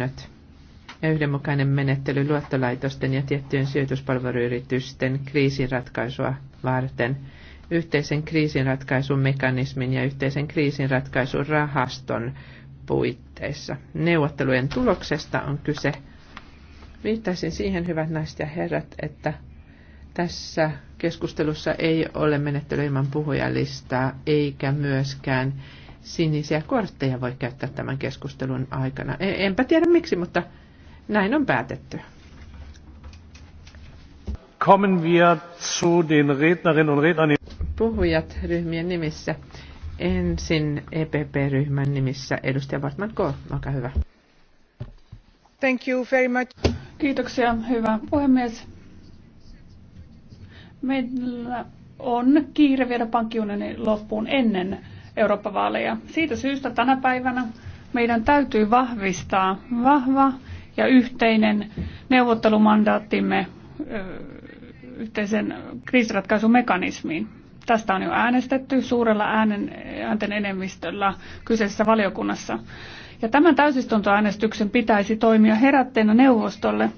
säännöt ja yhdenmukainen menettely luottolaitosten ja tiettyjen sijoituspalveluyritysten kriisinratkaisua varten, yhteisen kriisinratkaisumekanismin ja yhteisen kriisinratkaisurahaston puitteissa. Neuvottelujen tuloksesta on kyse. Viittaisin siihen, hyvät naiset ja herrat, että tässä keskustelussa ei ole menettely ilman puhujalistaa eikä myöskään sinisiä kortteja voi käyttää tämän keskustelun aikana. E- enpä tiedä miksi, mutta näin on päätetty. Kommen wir zu den Rednerinnen und Rednern. Puhujat ryhmien nimissä. Ensin EPP-ryhmän nimissä edustaja Bartman Kohl, Olkaa hyvä. Thank you very much. Kiitoksia, hyvä puhemies. Meillä on kiire viedä pankkiunioni loppuun ennen Eurooppa-vaaleja. Siitä syystä tänä päivänä meidän täytyy vahvistaa vahva ja yhteinen neuvottelumandaattimme yhteisen kriisiratkaisumekanismiin. Tästä on jo äänestetty suurella äänen, äänten enemmistöllä kyseisessä valiokunnassa. Ja tämän täysistuntoäänestyksen pitäisi toimia herätteenä neuvostolle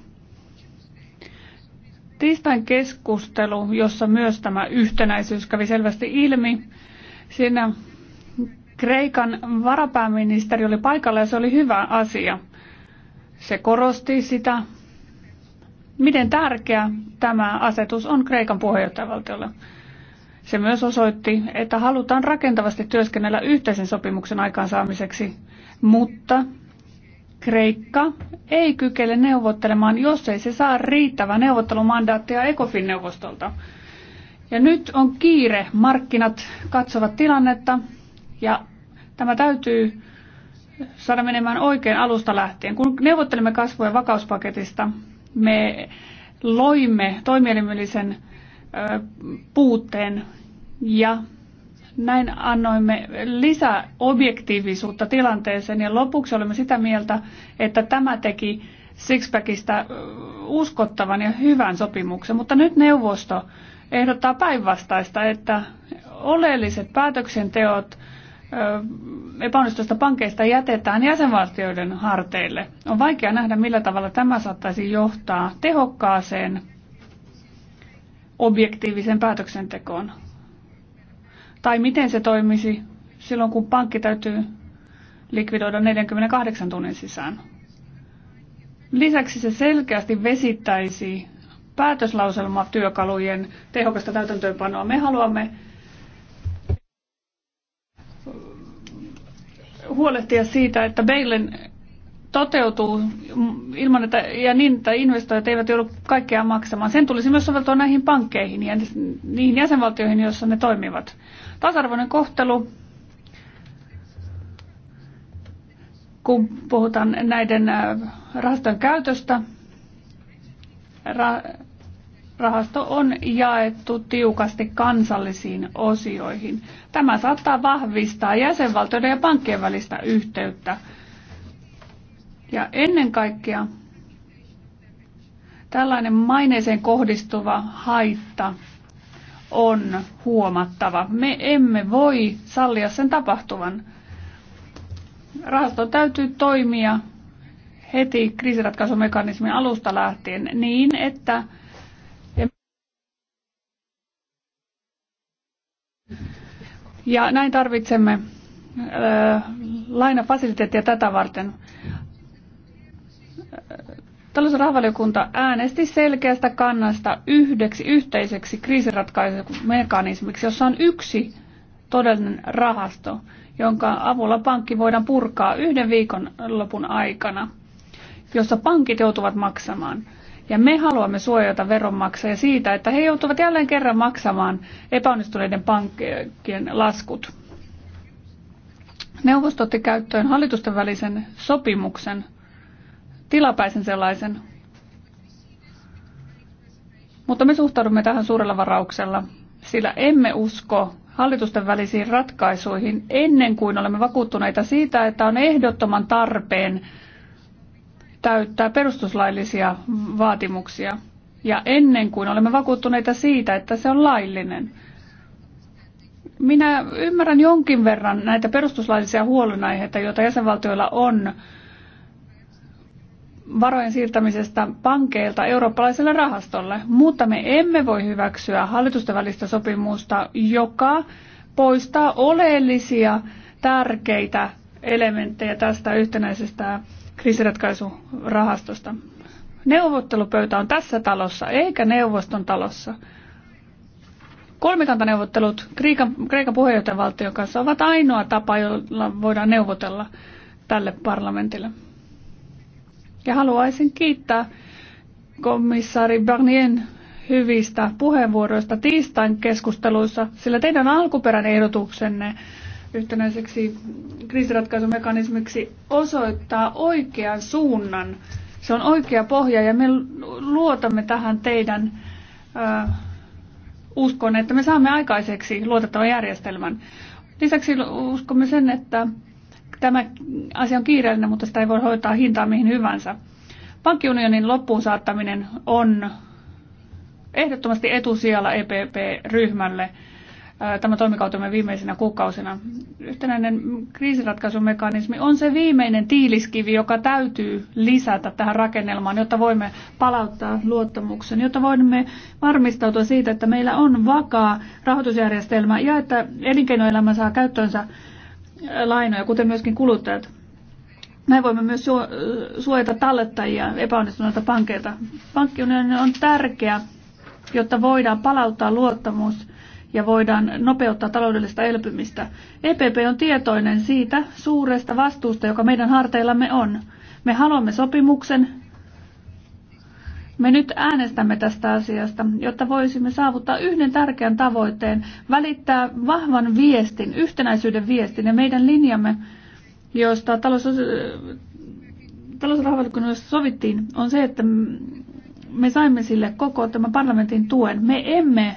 tiistain keskustelu, jossa myös tämä yhtenäisyys kävi selvästi ilmi, siinä Kreikan varapääministeri oli paikalla ja se oli hyvä asia. Se korosti sitä, miten tärkeä tämä asetus on Kreikan puheenjohtajavaltiolle. Se myös osoitti, että halutaan rakentavasti työskennellä yhteisen sopimuksen aikaansaamiseksi, mutta Kreikka ei kykene neuvottelemaan, jos ei se saa riittävää neuvottelumandaattia ECOFIN-neuvostolta. Ja nyt on kiire. Markkinat katsovat tilannetta ja Tämä täytyy saada menemään oikein alusta lähtien. Kun neuvottelimme kasvu- ja vakauspaketista, me loimme toimielimellisen puutteen ja näin annoimme lisää objektiivisuutta tilanteeseen ja lopuksi olemme sitä mieltä, että tämä teki Sixpackista uskottavan ja hyvän sopimuksen, mutta nyt neuvosto ehdottaa päinvastaista, että oleelliset päätöksenteot epäonnistusta pankeista jätetään jäsenvaltioiden harteille. On vaikea nähdä, millä tavalla tämä saattaisi johtaa tehokkaaseen objektiiviseen päätöksentekoon. Tai miten se toimisi silloin, kun pankki täytyy likvidoida 48 tunnin sisään. Lisäksi se selkeästi vesittäisi päätöslauselmatyökalujen tehokasta täytäntöönpanoa. Me haluamme huolehtia siitä, että Beilin toteutuu ilman, että, ja niin, että investoijat eivät joudu kaikkea maksamaan. Sen tulisi myös soveltua näihin pankkeihin ja niihin jäsenvaltioihin, joissa ne toimivat. Tasa-arvoinen kohtelu, kun puhutaan näiden äh, rahastojen käytöstä, ra- Rahasto on jaettu tiukasti kansallisiin osioihin. Tämä saattaa vahvistaa jäsenvaltioiden ja pankkien välistä yhteyttä. Ja ennen kaikkea tällainen maineeseen kohdistuva haitta on huomattava. Me emme voi sallia sen tapahtuvan. Rahasto täytyy toimia heti kriisiratkaisumekanismin alusta lähtien niin, että Ja näin tarvitsemme öö, lainafasiliteettia tätä varten. Talousrahvaliokunta äänesti selkeästä kannasta yhdeksi yhteiseksi kriisiratkaisumekanismiksi, jossa on yksi todellinen rahasto, jonka avulla pankki voidaan purkaa yhden viikon lopun aikana, jossa pankit joutuvat maksamaan – ja me haluamme veronmaksajia siitä, että he joutuvat jälleen kerran maksamaan epäonnistuneiden pankkien laskut. Neuvosto otti käyttöön hallitusten välisen sopimuksen, tilapäisen sellaisen, mutta me suhtaudumme tähän suurella varauksella, sillä emme usko hallitusten välisiin ratkaisuihin ennen kuin olemme vakuuttuneita siitä, että on ehdottoman tarpeen täyttää perustuslaillisia vaatimuksia. Ja ennen kuin olemme vakuuttuneita siitä, että se on laillinen. Minä ymmärrän jonkin verran näitä perustuslaillisia huolenaiheita, joita jäsenvaltioilla on varojen siirtämisestä pankeilta eurooppalaiselle rahastolle, mutta me emme voi hyväksyä hallitusten välistä sopimusta, joka poistaa oleellisia, tärkeitä elementtejä tästä yhtenäisestä kriisiratkaisurahastosta. Neuvottelupöytä on tässä talossa, eikä neuvoston talossa. Kolmikantaneuvottelut Kreikan, Kreikan puheenjohtajavaltion kanssa ovat ainoa tapa, jolla voidaan neuvotella tälle parlamentille. Ja haluaisin kiittää komissaari Barnien hyvistä puheenvuoroista tiistain keskusteluissa, sillä teidän alkuperän ehdotuksenne yhtenäiseksi kriisiratkaisumekanismiksi osoittaa oikean suunnan. Se on oikea pohja ja me luotamme tähän teidän äh, uskon, että me saamme aikaiseksi luotettavan järjestelmän. Lisäksi uskomme sen, että tämä asia on kiireellinen, mutta sitä ei voi hoitaa hintaa mihin hyvänsä. Pankkiunionin loppuun saattaminen on ehdottomasti etusijalla EPP-ryhmälle tämä toimikautemme viimeisinä kuukausina. Yhtenäinen kriisiratkaisumekanismi on se viimeinen tiiliskivi, joka täytyy lisätä tähän rakennelmaan, jotta voimme palauttaa luottamuksen, jotta voimme varmistautua siitä, että meillä on vakaa rahoitusjärjestelmä ja että elinkeinoelämä saa käyttöönsä lainoja, kuten myöskin kuluttajat. Näin voimme myös suojata tallettajia epäonnistuneilta pankeilta. Pankkiunioni on tärkeä, jotta voidaan palauttaa luottamus – ja voidaan nopeuttaa taloudellista elpymistä. EPP on tietoinen siitä suuresta vastuusta, joka meidän harteillamme on. Me haluamme sopimuksen. Me nyt äänestämme tästä asiasta, jotta voisimme saavuttaa yhden tärkeän tavoitteen, välittää vahvan viestin, yhtenäisyyden viestin ja meidän linjamme, josta talous, sovittiin, on se, että me saimme sille koko tämän parlamentin tuen. Me emme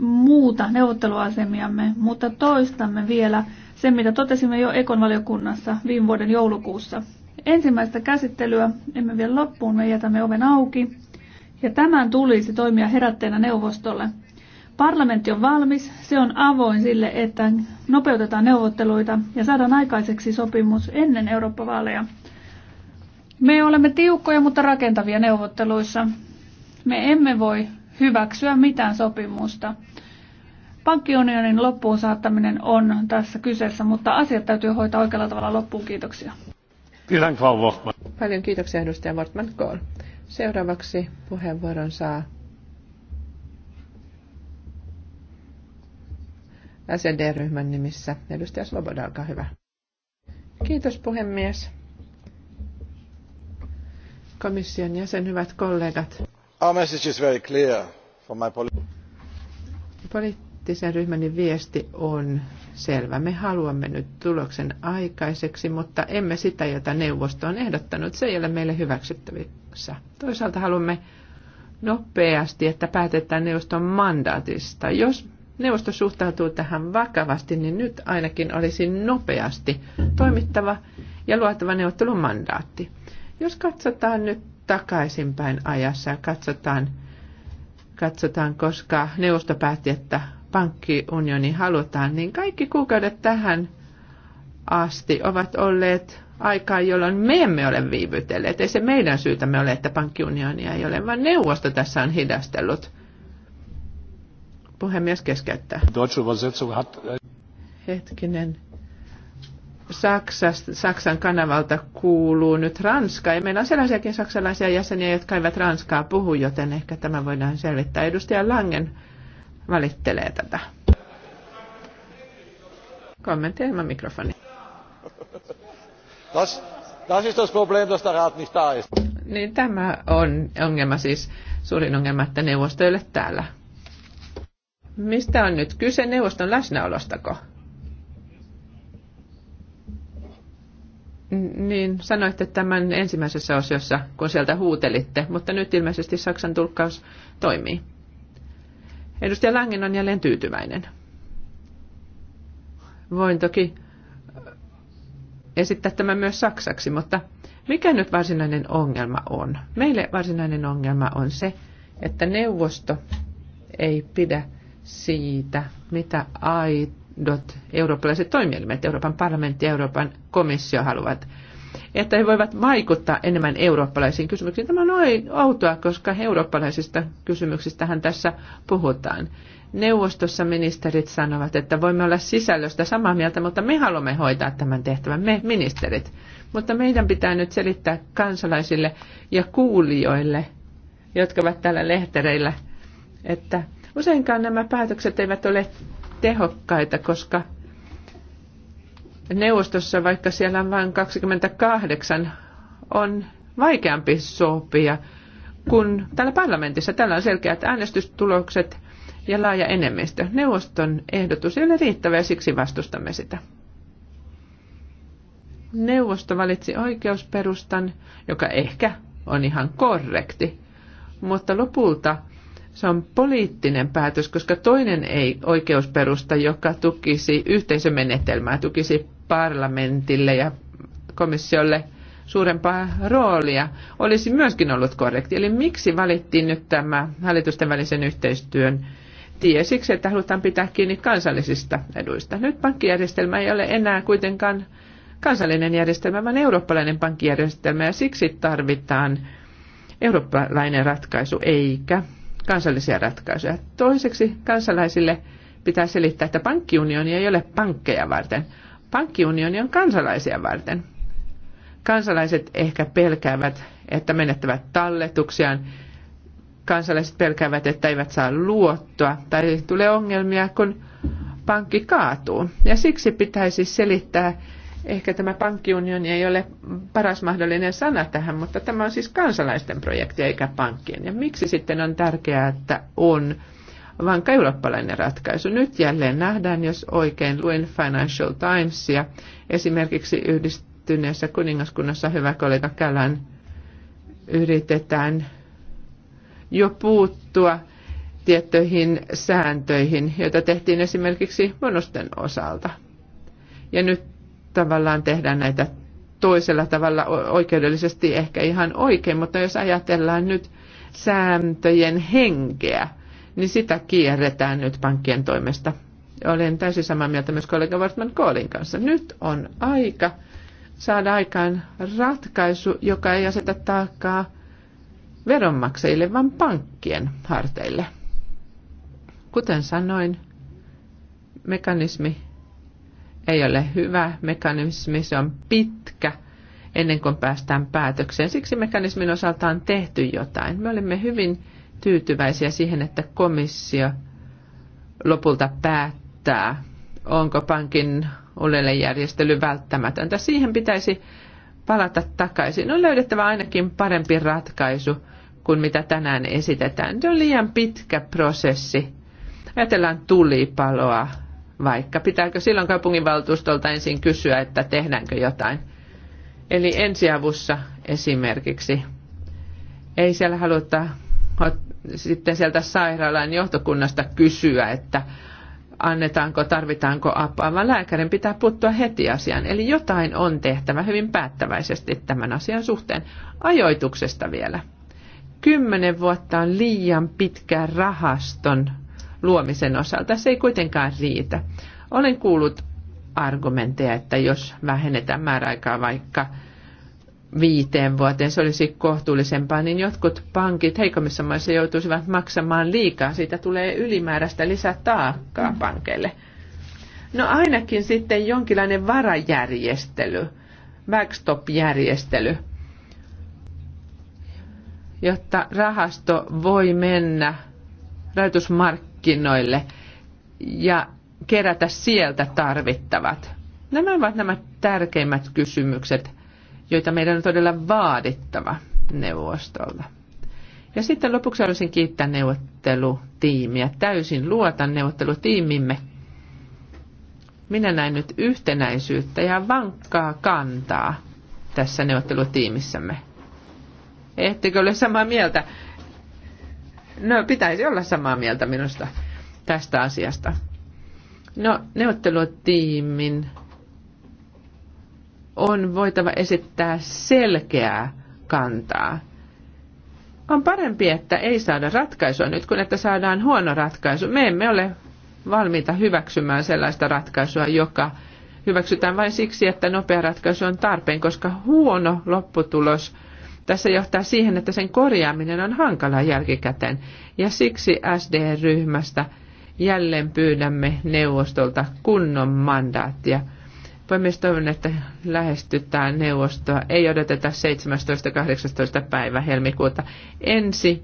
muuta neuvotteluasemiamme, mutta toistamme vielä se, mitä totesimme jo ekonvaliokunnassa viime vuoden joulukuussa. Ensimmäistä käsittelyä emme vielä loppuun, me jätämme oven auki, ja tämän tulisi toimia herätteenä neuvostolle. Parlamentti on valmis, se on avoin sille, että nopeutetaan neuvotteluita ja saadaan aikaiseksi sopimus ennen Eurooppa-vaaleja. Me olemme tiukkoja, mutta rakentavia neuvotteluissa. Me emme voi hyväksyä mitään sopimusta. Pankkiunionin loppuun saattaminen on tässä kyseessä, mutta asiat täytyy hoitaa oikealla tavalla loppuun. Kiitoksia. Paljon kiitoksia edustaja Wortman Kohl. Seuraavaksi puheenvuoron saa SED-ryhmän nimissä edustaja Svoboda, olkaa hyvä. Kiitos puhemies. Komission jäsen, hyvät kollegat. Our message is very clear from my poliittisen ryhmäni viesti on selvä. Me haluamme nyt tuloksen aikaiseksi, mutta emme sitä, jota neuvosto on ehdottanut. Se ei ole meille hyväksyttävissä. Toisaalta haluamme nopeasti, että päätetään neuvoston mandaatista. Jos neuvosto suhtautuu tähän vakavasti, niin nyt ainakin olisi nopeasti toimittava ja luotava neuvottelun mandaatti. Jos katsotaan nyt takaisinpäin ajassa ja katsotaan, katsotaan, koska neuvosto päätti, että pankkiunioni halutaan, niin kaikki kuukaudet tähän asti ovat olleet aikaa, jolloin me emme ole viivytelleet. Ei se meidän syytämme ole, että pankkiunionia ei ole, vaan neuvosto tässä on hidastellut. Puhemies keskeyttää. Äh, Hetkinen. Saksasta, Saksan kanavalta kuuluu nyt Ranska. Ja meillä on sellaisiakin saksalaisia jäseniä, jotka eivät Ranskaa puhu, joten ehkä tämä voidaan selvittää. Edustaja Langen valittelee tätä. Kommentti ilman mikrofoni. Das, das ist das Problem, dass der Rat nicht da ist. Niin tämä on ongelma siis, suurin ongelma, että neuvosto ei ole täällä. Mistä on nyt kyse neuvoston läsnäolostako? Niin, sanoitte tämän ensimmäisessä osiossa, kun sieltä huutelitte, mutta nyt ilmeisesti Saksan tulkkaus toimii. Edustaja Langen on jälleen tyytyväinen. Voin toki äh, esittää tämän myös saksaksi, mutta mikä nyt varsinainen ongelma on? Meille varsinainen ongelma on se, että neuvosto ei pidä siitä, mitä ait eurooppalaiset toimielimet, Euroopan parlamentti ja Euroopan komissio haluavat, että he voivat vaikuttaa enemmän eurooppalaisiin kysymyksiin. Tämä on outoa, koska eurooppalaisista kysymyksistähän tässä puhutaan. Neuvostossa ministerit sanovat, että voimme olla sisällöstä samaa mieltä, mutta me haluamme hoitaa tämän tehtävän, me ministerit. Mutta meidän pitää nyt selittää kansalaisille ja kuulijoille, jotka ovat täällä lehtereillä, että useinkaan nämä päätökset eivät ole tehokkaita, koska neuvostossa, vaikka siellä on vain 28, on vaikeampi sopia kuin täällä parlamentissa. Täällä on selkeät äänestystulokset ja laaja enemmistö. Neuvoston ehdotus ei ole riittävä ja siksi vastustamme sitä. Neuvosto valitsi oikeusperustan, joka ehkä on ihan korrekti, mutta lopulta se on poliittinen päätös, koska toinen ei oikeusperusta, joka tukisi yhteisömenetelmää, tukisi parlamentille ja komissiolle suurempaa roolia, olisi myöskin ollut korrekti. Eli miksi valittiin nyt tämä hallitusten välisen yhteistyön tie? Siksi, että halutaan pitää kiinni kansallisista eduista. Nyt pankkijärjestelmä ei ole enää kuitenkaan kansallinen järjestelmä, vaan eurooppalainen pankkijärjestelmä, ja siksi tarvitaan eurooppalainen ratkaisu, eikä kansallisia ratkaisuja. Toiseksi kansalaisille pitää selittää, että pankkiunioni ei ole pankkeja varten. Pankkiunioni on kansalaisia varten. Kansalaiset ehkä pelkäävät, että menettävät talletuksiaan. Kansalaiset pelkäävät, että eivät saa luottoa tai tulee ongelmia, kun pankki kaatuu. Ja siksi pitäisi selittää Ehkä tämä pankkiunioni ei ole paras mahdollinen sana tähän, mutta tämä on siis kansalaisten projekti eikä pankkien. Ja miksi sitten on tärkeää, että on vankka eurooppalainen ratkaisu? Nyt jälleen nähdään, jos oikein luin Financial Timesia, esimerkiksi yhdistyneessä kuningaskunnassa hyvä kollega Kälän yritetään jo puuttua tiettyihin sääntöihin, joita tehtiin esimerkiksi bonusten osalta. Ja nyt tavallaan tehdään näitä toisella tavalla oikeudellisesti ehkä ihan oikein, mutta jos ajatellaan nyt sääntöjen henkeä, niin sitä kierretään nyt pankkien toimesta. Olen täysin samaa mieltä myös kollega Wartman Koolin kanssa. Nyt on aika saada aikaan ratkaisu, joka ei aseta taakkaa veronmaksajille, vaan pankkien harteille. Kuten sanoin, mekanismi ei ole hyvä mekanismi, se on pitkä ennen kuin päästään päätökseen. Siksi mekanismin osalta on tehty jotain. Me olimme hyvin tyytyväisiä siihen, että komissio lopulta päättää, onko pankin uudelleenjärjestely välttämätöntä. Siihen pitäisi palata takaisin. On löydettävä ainakin parempi ratkaisu kuin mitä tänään esitetään. Se on liian pitkä prosessi. Ajatellaan tulipaloa, vaikka. Pitääkö silloin kaupunginvaltuustolta ensin kysyä, että tehdäänkö jotain? Eli ensiavussa esimerkiksi. Ei siellä haluta sitten sieltä sairaalan johtokunnasta kysyä, että annetaanko, tarvitaanko apua, vaan lääkärin pitää puuttua heti asiaan. Eli jotain on tehtävä hyvin päättäväisesti tämän asian suhteen. Ajoituksesta vielä. Kymmenen vuotta on liian pitkä rahaston luomisen osalta. Se ei kuitenkaan riitä. Olen kuullut argumentteja, että jos vähennetään määräaikaa vaikka viiteen vuoteen, se olisi kohtuullisempaa, niin jotkut pankit heikommissa maissa joutuisivat maksamaan liikaa. Siitä tulee ylimääräistä lisätaakkaa pankeille. No ainakin sitten jonkinlainen varajärjestely, backstop-järjestely, jotta rahasto voi mennä rahoitusmarkkinoille markkinoille ja kerätä sieltä tarvittavat. Nämä ovat nämä tärkeimmät kysymykset, joita meidän on todella vaadittava neuvostolta. Ja sitten lopuksi haluaisin kiittää neuvottelutiimiä. Täysin luotan neuvottelutiimimme. Minä näin nyt yhtenäisyyttä ja vankkaa kantaa tässä neuvottelutiimissämme. Ettekö ole samaa mieltä? No, pitäisi olla samaa mieltä minusta tästä asiasta. No, neuvottelutiimin on voitava esittää selkeää kantaa. On parempi, että ei saada ratkaisua nyt, kun että saadaan huono ratkaisu. Me emme ole valmiita hyväksymään sellaista ratkaisua, joka hyväksytään vain siksi, että nopea ratkaisu on tarpeen, koska huono lopputulos – tässä johtaa siihen, että sen korjaaminen on hankalaa jälkikäteen. Ja siksi SD-ryhmästä jälleen pyydämme neuvostolta kunnon mandaattia. Puhemies, toivon, että lähestytään neuvostoa. Ei odoteta 17.18. päivä helmikuuta. Ensi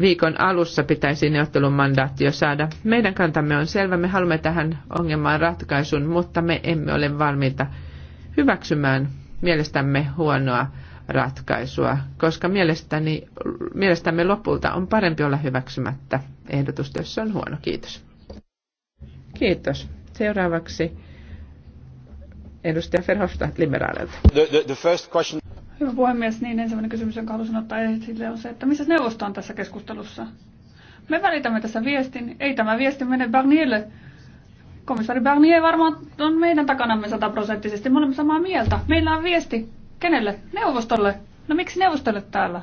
viikon alussa pitäisi neuvottelun mandaatio saada. Meidän kantamme on selvä, me haluamme tähän ongelmaan ratkaisun, mutta me emme ole valmiita hyväksymään mielestämme huonoa ratkaisua, koska mielestäni, mielestämme lopulta on parempi olla hyväksymättä ehdotusta, jos se on huono. Kiitos. Kiitos. Seuraavaksi edustaja Verhofstadt liberaalilta. The, the, the first question... Hyvä puhemies, niin ensimmäinen kysymys, jonka halusin ottaa esille, on se, että missä neuvosto on tässä keskustelussa? Me välitämme tässä viestin. Ei tämä viesti mene Barnierille. Komissaari Barnier varmaan on meidän takanamme sataprosenttisesti. Me olemme samaa mieltä. Meillä on viesti Kenelle? Neuvostolle. No miksi neuvostolle täällä?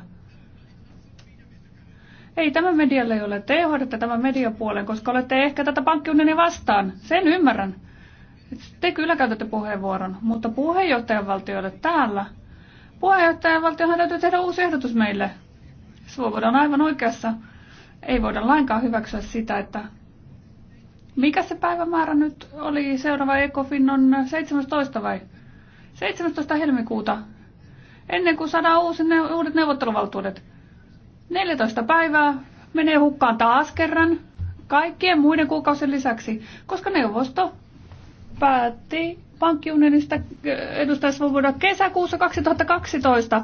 Ei tämä medialle ole. Te hoidatte tämän mediapuolen, koska olette ehkä tätä pankkiunionia vastaan. Sen ymmärrän. Te kyllä käytätte puheenvuoron, mutta valtiolle täällä. valtiohan täytyy tehdä uusi ehdotus meille. Suovoda on aivan oikeassa. Ei voida lainkaan hyväksyä sitä, että mikä se päivämäärä nyt oli? Seuraava ECOFIN on 17 vai? 17. helmikuuta, ennen kuin saadaan uusi, uudet neuvotteluvaltuudet. 14 päivää menee hukkaan taas kerran, kaikkien muiden kuukausien lisäksi, koska neuvosto päätti pankkiunionista eh, edustaja Svoboda kesäkuussa 2012.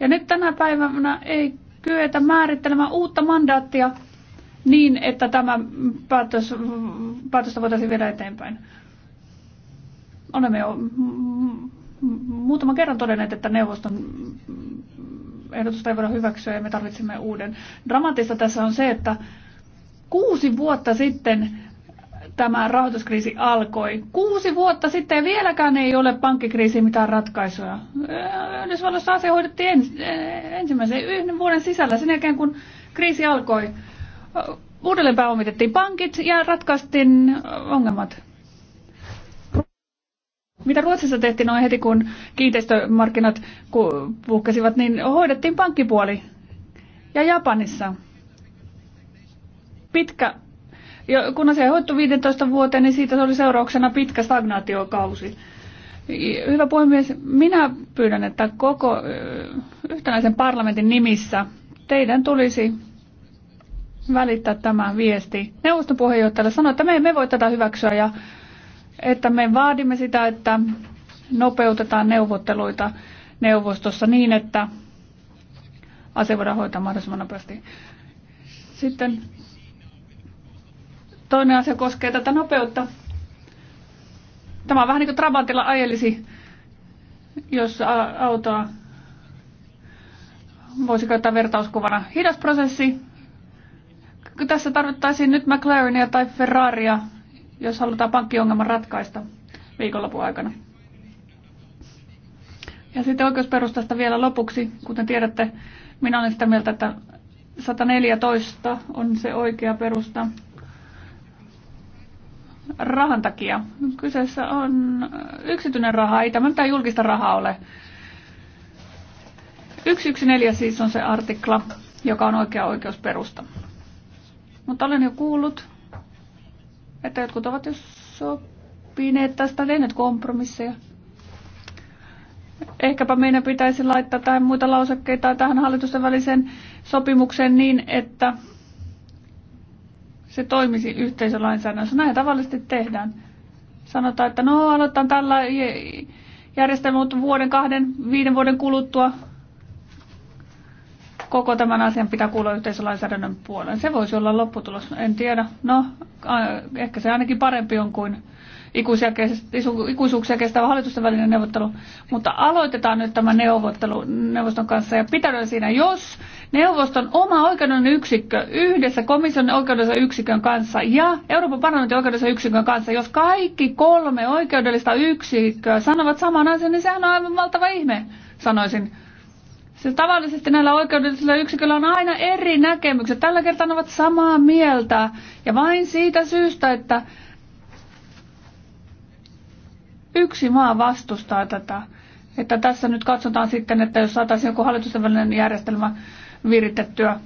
Ja nyt tänä päivänä ei kyetä määrittelemään uutta mandaattia niin, että tämä päätös, päätöstä voitaisiin viedä eteenpäin. Olemme jo muutaman kerran todenneet, että neuvoston ehdotusta ei voida hyväksyä ja me tarvitsemme uuden. Dramaattista tässä on se, että kuusi vuotta sitten tämä rahoituskriisi alkoi. Kuusi vuotta sitten vieläkään ei ole pankkikriisi mitään ratkaisuja. Yhdysvalloissa asia hoidettiin ens, ensimmäisen yhden vuoden sisällä sen jälkeen, kun kriisi alkoi. Uudelleen pääomitettiin pankit ja ratkaistiin ongelmat. Mitä Ruotsissa tehtiin noin heti, kun kiinteistömarkkinat puhkesivat, niin hoidettiin pankkipuoli. Ja Japanissa pitkä, kun asia hoittu 15 vuoteen, niin siitä oli seurauksena pitkä stagnaatiokausi. Hyvä puhemies, minä pyydän, että koko yhtenäisen parlamentin nimissä teidän tulisi välittää tämä viesti neuvoston puheenjohtajalle. Sanoa, että me emme voi tätä hyväksyä ja että me vaadimme sitä, että nopeutetaan neuvotteluita neuvostossa niin, että asia voidaan hoitaa mahdollisimman nopeasti. Sitten toinen asia koskee tätä nopeutta. Tämä on vähän niin kuin Trabantilla ajelisi, jos autoa voisi käyttää vertauskuvana. Hidas prosessi. Tässä tarvittaisiin nyt McLarenia tai Ferraria jos halutaan pankkiongelman ratkaista viikonlopun aikana. Ja sitten oikeusperustasta vielä lopuksi, kuten tiedätte, minä olen sitä mieltä, että 114 on se oikea perusta rahan takia. Kyseessä on yksityinen raha, ei tämä mitään julkista rahaa ole. 114 siis on se artikla, joka on oikea oikeusperusta. Mutta olen jo kuullut että jotkut ovat jo sopineet tästä, tehneet kompromisseja. Ehkäpä meidän pitäisi laittaa tai muita lausekkeita tähän hallitusten väliseen sopimukseen niin, että se toimisi yhteisölainsäädännössä. Näin tavallisesti tehdään. Sanotaan, että no aloitetaan tällä järjestelmä, mutta vuoden, kahden, viiden vuoden kuluttua koko tämän asian pitää kuulla yhteisölainsäädännön puoleen. Se voisi olla lopputulos, en tiedä. No, ehkä se ainakin parempi on kuin ikuisuuksia kestävä hallitusten välinen neuvottelu. Mutta aloitetaan nyt tämä neuvottelu neuvoston kanssa ja pitäydytään siinä, jos neuvoston oma oikeuden yksikkö yhdessä komission oikeudellisen yksikön kanssa ja Euroopan parlamentin oikeudellisen yksikön kanssa, jos kaikki kolme oikeudellista yksikköä sanovat saman asian, niin sehän on aivan valtava ihme, sanoisin. Siis tavallisesti näillä oikeudellisilla yksiköillä on aina eri näkemykset. Tällä kertaa ne ovat samaa mieltä. Ja vain siitä syystä, että yksi maa vastustaa tätä. Että tässä nyt katsotaan sitten, että jos saataisiin joku hallitusten välinen järjestelmä viritettyä,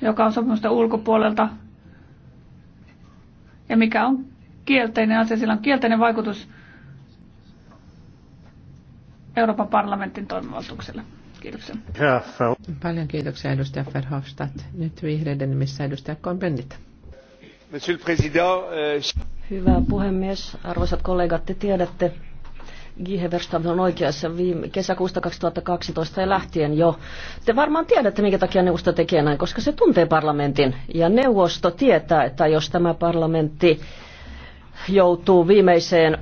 joka on sopimusta ulkopuolelta, ja mikä on kielteinen asia, sillä on kielteinen vaikutus Euroopan parlamentin toimivaltuuksille. Kiitoksia. Paljon kiitoksia edustaja Verhofstadt. Nyt vihreiden nimissä edustaja Kompendit. Euh, Hyvä puhemies, arvoisat kollegat, te tiedätte, Gihe Verstappen on oikeassa viime kesäkuusta 2012 ja lähtien jo. Te varmaan tiedätte, minkä takia neuvosto tekee näin, koska se tuntee parlamentin. Ja neuvosto tietää, että jos tämä parlamentti joutuu viimeiseen,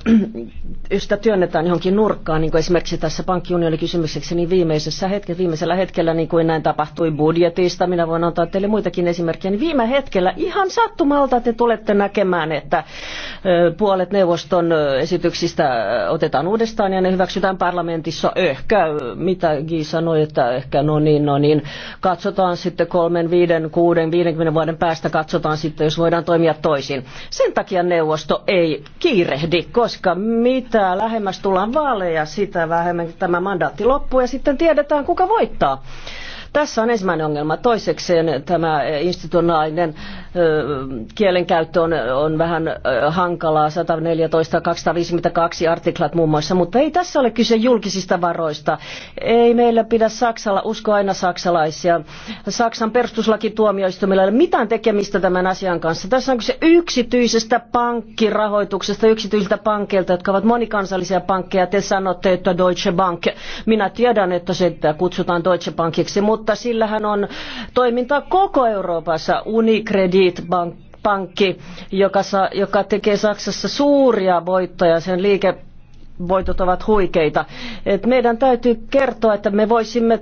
sitä työnnetään johonkin nurkkaan, niin kuin esimerkiksi tässä pankkiunionikysymykseksi, niin viimeisessä hetkellä, viimeisellä hetkellä, niin kuin näin tapahtui budjetista, minä voin antaa teille muitakin esimerkkejä, niin viime hetkellä ihan sattumalta te tulette näkemään, että puolet neuvoston esityksistä otetaan uudestaan ja ne hyväksytään parlamentissa ehkä, mitä Gi sanoi, että ehkä no niin, no niin, katsotaan sitten kolmen, viiden, kuuden, viidenkymmenen vuoden päästä, katsotaan sitten, jos voidaan toimia toisin. Sen takia neuvosto ei kiirehdi, koska mitä lähemmäs tullaan vaaleja, sitä vähemmän tämä mandaatti loppuu ja sitten tiedetään, kuka voittaa. Tässä on ensimmäinen ongelma. Toisekseen tämä institutionaalinen kielenkäyttö on, on vähän hankalaa, 114-252 artiklat muun muassa, mutta ei tässä ole kyse julkisista varoista. Ei meillä pidä Saksalla usko aina saksalaisia. Saksan perustuslakituomioistumilla ei ole mitään tekemistä tämän asian kanssa. Tässä on kyse yksityisestä pankkirahoituksesta, yksityisiltä pankeilta, jotka ovat monikansallisia pankkeja. Te sanotte, että Deutsche Bank. Minä tiedän, että se kutsutaan Deutsche Bankiksi, mutta sillähän on toimintaa koko Euroopassa. Unicredit Git Bank, pankki, joka, joka tekee Saksassa suuria voittoja, sen liikevoitot ovat huikeita. Et meidän täytyy kertoa, että me voisimme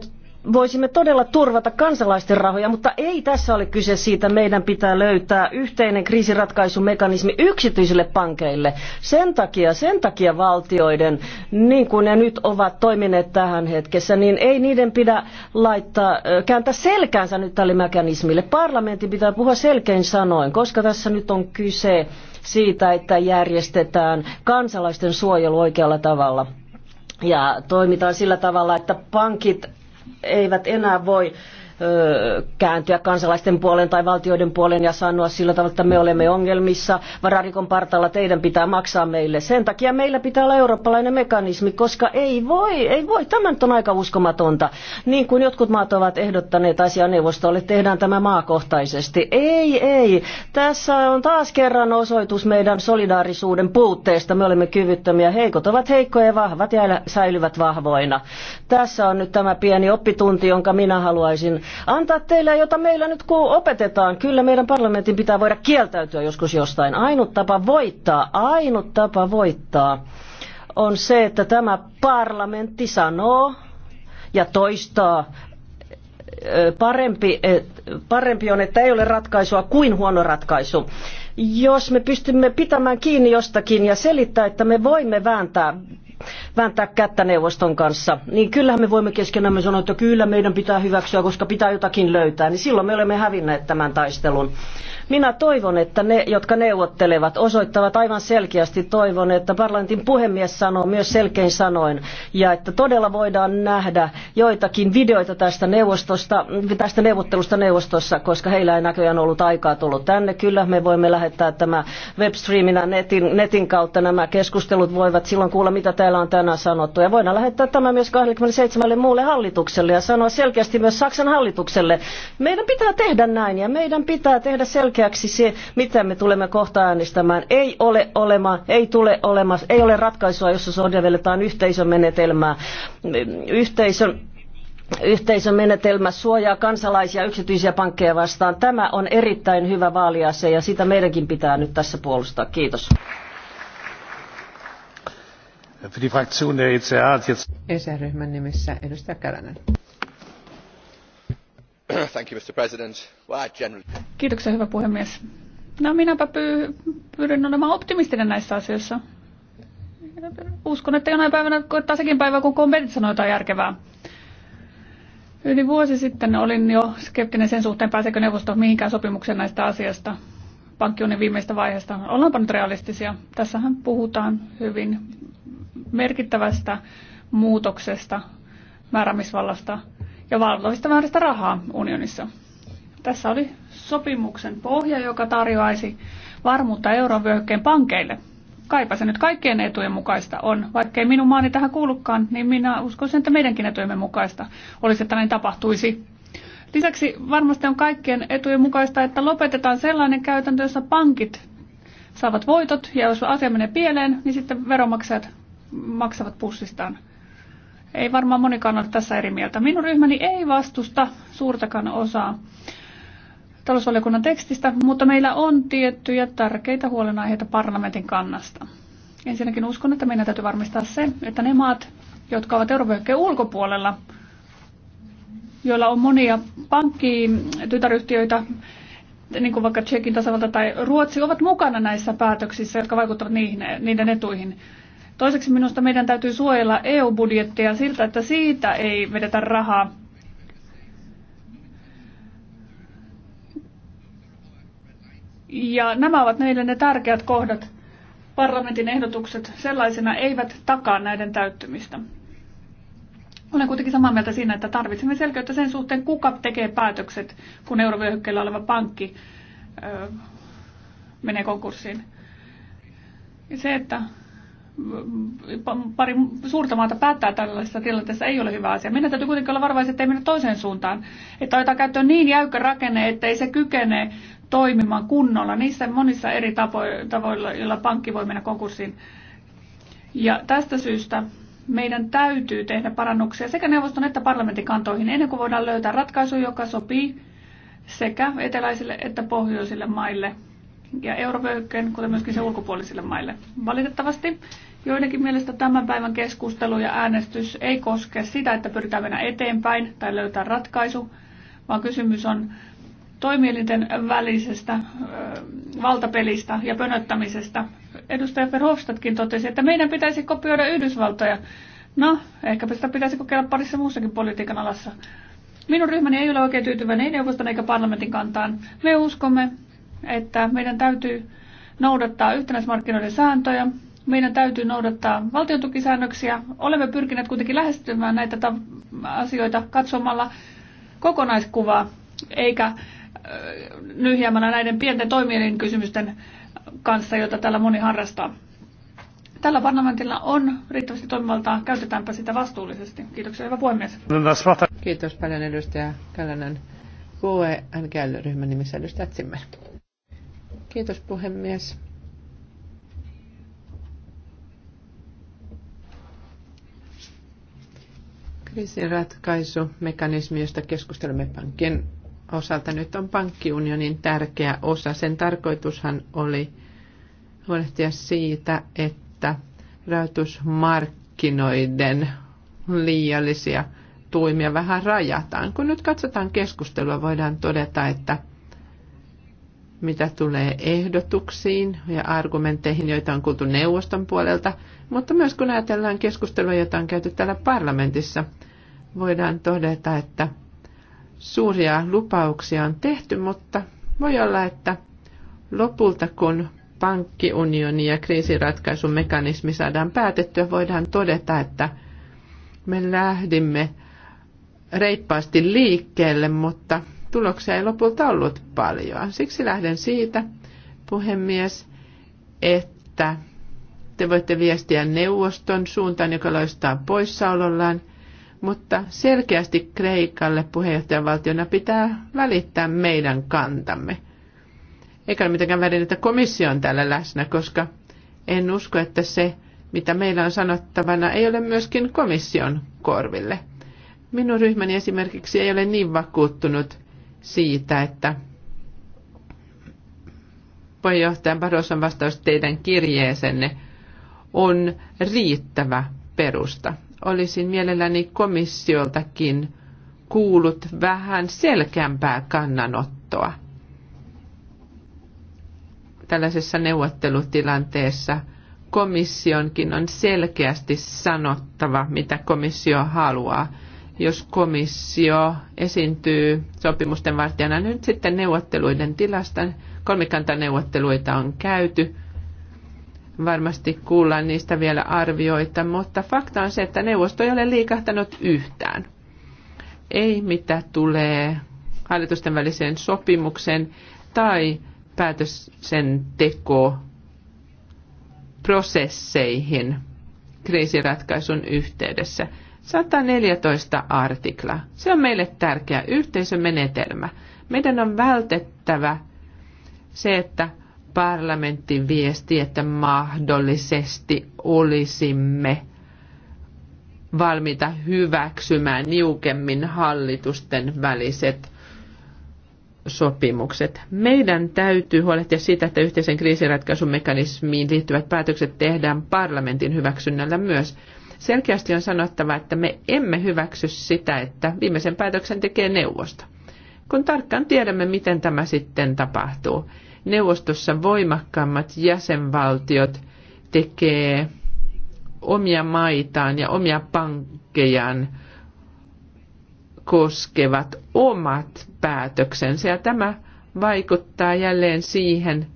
voisimme todella turvata kansalaisten rahoja, mutta ei tässä ole kyse siitä. Meidän pitää löytää yhteinen kriisiratkaisumekanismi yksityisille pankeille. Sen takia, sen takia valtioiden, niin kuin ne nyt ovat toimineet tähän hetkessä, niin ei niiden pidä laittaa, kääntää selkäänsä nyt tälle mekanismille. Parlamentti pitää puhua selkein sanoin, koska tässä nyt on kyse siitä, että järjestetään kansalaisten suojelu oikealla tavalla ja toimitaan sillä tavalla, että pankit eivät enää voi kääntyä kansalaisten puoleen tai valtioiden puoleen ja sanoa sillä tavalla, että me olemme ongelmissa, vararikon partalla teidän pitää maksaa meille. Sen takia meillä pitää olla eurooppalainen mekanismi, koska ei voi, ei voi. Tämä nyt on aika uskomatonta. Niin kuin jotkut maat ovat ehdottaneet asianeuvostolle, tehdään tämä maakohtaisesti. Ei, ei. Tässä on taas kerran osoitus meidän solidaarisuuden puutteesta. Me olemme kyvyttömiä. Heikot ovat heikkoja ja vahvat ja säilyvät vahvoina. Tässä on nyt tämä pieni oppitunti, jonka minä haluaisin antaa teille, jota meillä nyt kun opetetaan. Kyllä meidän parlamentin pitää voida kieltäytyä joskus jostain. Ainut tapa voittaa, ainut tapa voittaa on se, että tämä parlamentti sanoo ja toistaa parempi, parempi on, että ei ole ratkaisua kuin huono ratkaisu. Jos me pystymme pitämään kiinni jostakin ja selittää, että me voimme vääntää vääntää kättä neuvoston kanssa, niin kyllähän me voimme keskenämme sanoa, että kyllä meidän pitää hyväksyä, koska pitää jotakin löytää, niin silloin me olemme hävinneet tämän taistelun. Minä toivon, että ne, jotka neuvottelevat, osoittavat aivan selkeästi toivon, että parlamentin puhemies sanoo myös selkein sanoin, ja että todella voidaan nähdä joitakin videoita tästä, neuvostosta, tästä neuvottelusta neuvostossa, koska heillä ei näköjään ollut aikaa tullut tänne. Kyllä me voimme lähettää tämä webstreaminä netin, netin kautta nämä keskustelut voivat silloin kuulla, mitä täällä on tänään sanottu. Ja voidaan lähettää tämä myös 27 muulle hallitukselle ja sanoa selkeästi myös Saksan hallitukselle. Meidän pitää tehdä näin ja meidän pitää tehdä selkeä selkeäksi se, mitä me tulemme kohta äänestämään. Ei ole olema, ei tule olema, ei ole ratkaisua, jossa sovelletaan yhteisön menetelmää. Yhteisön yhteisön menetelmä suojaa kansalaisia yksityisiä pankkeja vastaan. Tämä on erittäin hyvä vaaliase ja sitä meidänkin pitää nyt tässä puolustaa. Kiitos. Für die Fraktion der ECR jetzt. ryhmän nimissä edustaja Kälänen. mr president Kiitoksia, hyvä puhemies. No minäpä pyrin olemaan optimistinen näissä asioissa. Uskon, että jonain päivänä koittaa sekin päivä, kun kommentit sanoo jotain järkevää. Yli vuosi sitten olin jo skeptinen sen suhteen, pääseekö neuvosto mihinkään sopimukseen näistä asiasta pankkiunin viimeistä vaiheesta. Ollaanpa nyt realistisia. Tässähän puhutaan hyvin merkittävästä muutoksesta, määräämisvallasta ja valtavista määristä rahaa unionissa. Tässä oli sopimuksen pohja, joka tarjoaisi varmuutta eurovyöhykkeen pankeille. Kaipa se nyt kaikkien etujen mukaista on. Vaikkei minun maani tähän kuulukaan, niin minä uskoisin, että meidänkin etujemme mukaista olisi, että näin tapahtuisi. Lisäksi varmasti on kaikkien etujen mukaista, että lopetetaan sellainen käytäntö, jossa pankit saavat voitot ja jos asia menee pieleen, niin sitten veromaksajat maksavat pussistaan. Ei varmaan monikaan ole tässä eri mieltä. Minun ryhmäni ei vastusta suurtakaan osaa talousvaliokunnan tekstistä, mutta meillä on tiettyjä tärkeitä huolenaiheita parlamentin kannasta. Ensinnäkin uskon, että meidän täytyy varmistaa se, että ne maat, jotka ovat Euroopan ulkopuolella, joilla on monia pankkitytäryhtiöitä, niin kuin vaikka Tsekin tasavalta tai Ruotsi, ovat mukana näissä päätöksissä, jotka vaikuttavat niihin, niiden etuihin. Toiseksi minusta meidän täytyy suojella EU-budjettia siltä, että siitä ei vedetä rahaa. Ja nämä ovat meille ne tärkeät kohdat. Parlamentin ehdotukset sellaisena eivät takaa näiden täyttymistä. Olen kuitenkin samaa mieltä siinä, että tarvitsemme selkeyttä sen suhteen, kuka tekee päätökset, kun eurovyöhykkeellä oleva pankki ö, menee konkurssiin. Ja se, että pari suurta maata päättää tällaisessa tilanteessa ei ole hyvä asia. Meidän täytyy kuitenkin olla varovaisia, ei mennä toiseen suuntaan. Että otetaan käyttöön niin jäykkä rakenne, ei se kykene toimimaan kunnolla niissä monissa eri tavoilla, joilla pankki voi mennä konkurssiin. Ja tästä syystä meidän täytyy tehdä parannuksia sekä neuvoston että parlamentin kantoihin ennen kuin voidaan löytää ratkaisu, joka sopii sekä eteläisille että pohjoisille maille ja eurovyöhykkeen, kuten myöskin se ulkopuolisille maille. Valitettavasti Joidenkin mielestä tämän päivän keskustelu ja äänestys ei koske sitä, että pyritään mennä eteenpäin tai löytää ratkaisu, vaan kysymys on toimielinten välisestä valtapelistä ja pönöttämisestä. Edustaja Verhofstadtkin totesi, että meidän pitäisi kopioida Yhdysvaltoja. No, ehkäpä sitä pitäisi kokeilla parissa muussakin politiikan alassa. Minun ryhmäni ei ole oikein tyytyväinen ei neuvoston eikä parlamentin kantaan. Me uskomme, että meidän täytyy noudattaa yhtenäismarkkinoiden sääntöjä, meidän täytyy noudattaa valtiontukisäännöksiä. Olemme pyrkineet kuitenkin lähestymään näitä asioita katsomalla kokonaiskuvaa, eikä nyhjäämällä näiden pienten toimielin kysymysten kanssa, joita täällä moni harrastaa. Tällä parlamentilla on riittävästi toimivaltaa, käytetäänpä sitä vastuullisesti. Kiitoksia, hyvä puhemies. Kiitos paljon edustaja Kälänen. KE-NKL-ryhmän nimissä edustaja Zimmer. Kiitos puhemies. Kriisinratkaisumekanismi, josta keskustelemme pankin osalta, nyt on pankkiunionin tärkeä osa. Sen tarkoitushan oli huolehtia siitä, että rahoitusmarkkinoiden liiallisia tuimia vähän rajataan. Kun nyt katsotaan keskustelua, voidaan todeta, että mitä tulee ehdotuksiin ja argumentteihin, joita on kuultu neuvoston puolelta, mutta myös kun ajatellaan keskustelua, jota on käyty täällä parlamentissa – voidaan todeta, että suuria lupauksia on tehty, mutta voi olla, että lopulta kun pankkiunioni ja kriisiratkaisumekanismi saadaan päätettyä, voidaan todeta, että me lähdimme reippaasti liikkeelle, mutta tuloksia ei lopulta ollut paljon. Siksi lähden siitä, puhemies, että te voitte viestiä neuvoston suuntaan, joka loistaa poissaolollaan – mutta selkeästi Kreikalle puheenjohtajavaltiona pitää välittää meidän kantamme. Eikä ole mitenkään väärin, että komissio on täällä läsnä, koska en usko, että se, mitä meillä on sanottavana, ei ole myöskin komission korville. Minun ryhmäni esimerkiksi ei ole niin vakuuttunut siitä, että puheenjohtaja Barroson vastaus teidän kirjeesenne on riittävä perusta olisin mielelläni komissioltakin kuullut vähän selkeämpää kannanottoa tällaisessa neuvottelutilanteessa komissionkin on selkeästi sanottava, mitä komissio haluaa. Jos komissio esiintyy sopimusten vartijana nyt sitten neuvotteluiden tilasta, kolmikantaneuvotteluita on käyty – varmasti kuullaan niistä vielä arvioita, mutta fakta on se, että neuvosto ei ole liikahtanut yhtään. Ei mitä tulee hallitusten väliseen sopimukseen tai teko prosesseihin kriisiratkaisun yhteydessä. 114 artikla. Se on meille tärkeä yhteisömenetelmä. Meidän on vältettävä se, että parlamentin viesti, että mahdollisesti olisimme valmiita hyväksymään niukemmin hallitusten väliset sopimukset. Meidän täytyy huolehtia siitä, että yhteisen kriisiratkaisumekanismiin liittyvät päätökset tehdään parlamentin hyväksynnällä myös. Selkeästi on sanottava, että me emme hyväksy sitä, että viimeisen päätöksen tekee neuvosto. Kun tarkkaan tiedämme, miten tämä sitten tapahtuu, neuvostossa voimakkaammat jäsenvaltiot tekee omia maitaan ja omia pankkejaan koskevat omat päätöksensä. Ja tämä vaikuttaa jälleen siihen,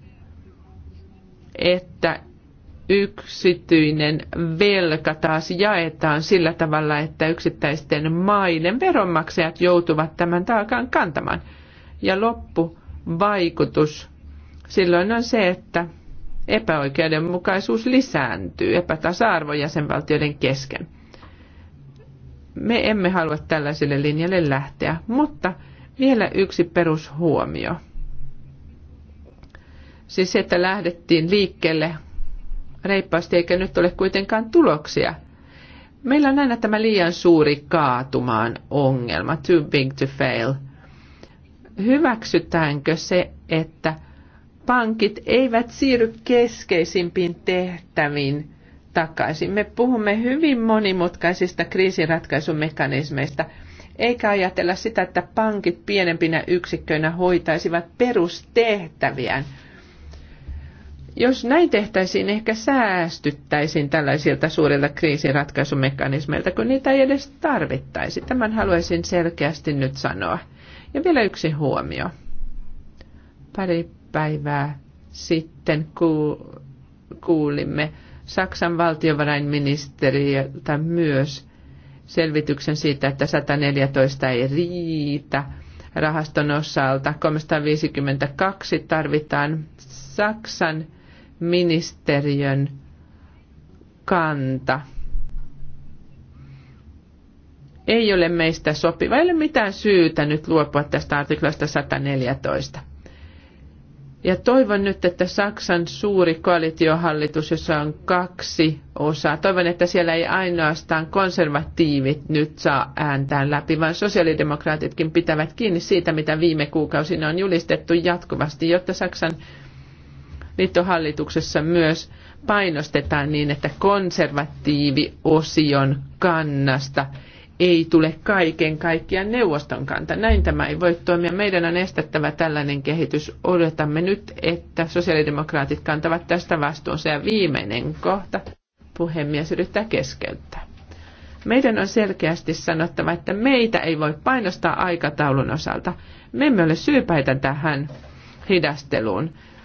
että yksityinen velka taas jaetaan sillä tavalla, että yksittäisten maiden veronmaksajat joutuvat tämän taakan kantamaan. Ja loppuvaikutus silloin on se, että epäoikeudenmukaisuus lisääntyy, epätasa-arvo jäsenvaltioiden kesken. Me emme halua tällaiselle linjalle lähteä, mutta vielä yksi perushuomio. Siis se, että lähdettiin liikkeelle reippaasti eikä nyt ole kuitenkaan tuloksia. Meillä on aina tämä liian suuri kaatumaan ongelma, too big to fail. Hyväksytäänkö se, että – pankit eivät siirry keskeisimpiin tehtäviin takaisin. Me puhumme hyvin monimutkaisista kriisinratkaisumekanismeista, eikä ajatella sitä, että pankit pienempinä yksikköinä hoitaisivat perustehtäviään. Jos näin tehtäisiin, ehkä säästyttäisiin tällaisilta suurilta kriisinratkaisumekanismeilta, kun niitä ei edes tarvittaisi. Tämän haluaisin selkeästi nyt sanoa. Ja vielä yksi huomio. Pari päivää sitten kuulimme Saksan valtiovarainministeriöltä myös selvityksen siitä, että 114 ei riitä rahaston osalta. 352 tarvitaan Saksan ministeriön kanta ei ole meistä sopiva. Ei ole mitään syytä nyt luopua tästä artiklasta 114. Ja toivon nyt, että Saksan suuri koalitiohallitus, jossa on kaksi osaa, toivon, että siellä ei ainoastaan konservatiivit nyt saa ääntään läpi, vaan sosiaalidemokraatitkin pitävät kiinni siitä, mitä viime kuukausina on julistettu jatkuvasti, jotta Saksan liittohallituksessa myös painostetaan niin, että konservatiiviosion kannasta – ei tule kaiken kaikkiaan neuvoston kanta. Näin tämä ei voi toimia. Meidän on estettävä tällainen kehitys. Odotamme nyt, että sosiaalidemokraatit kantavat tästä vastuunsa ja viimeinen kohta puhemies yrittää keskeyttää. Meidän on selkeästi sanottava, että meitä ei voi painostaa aikataulun osalta. Me emme ole syypäitä tähän hidasteluun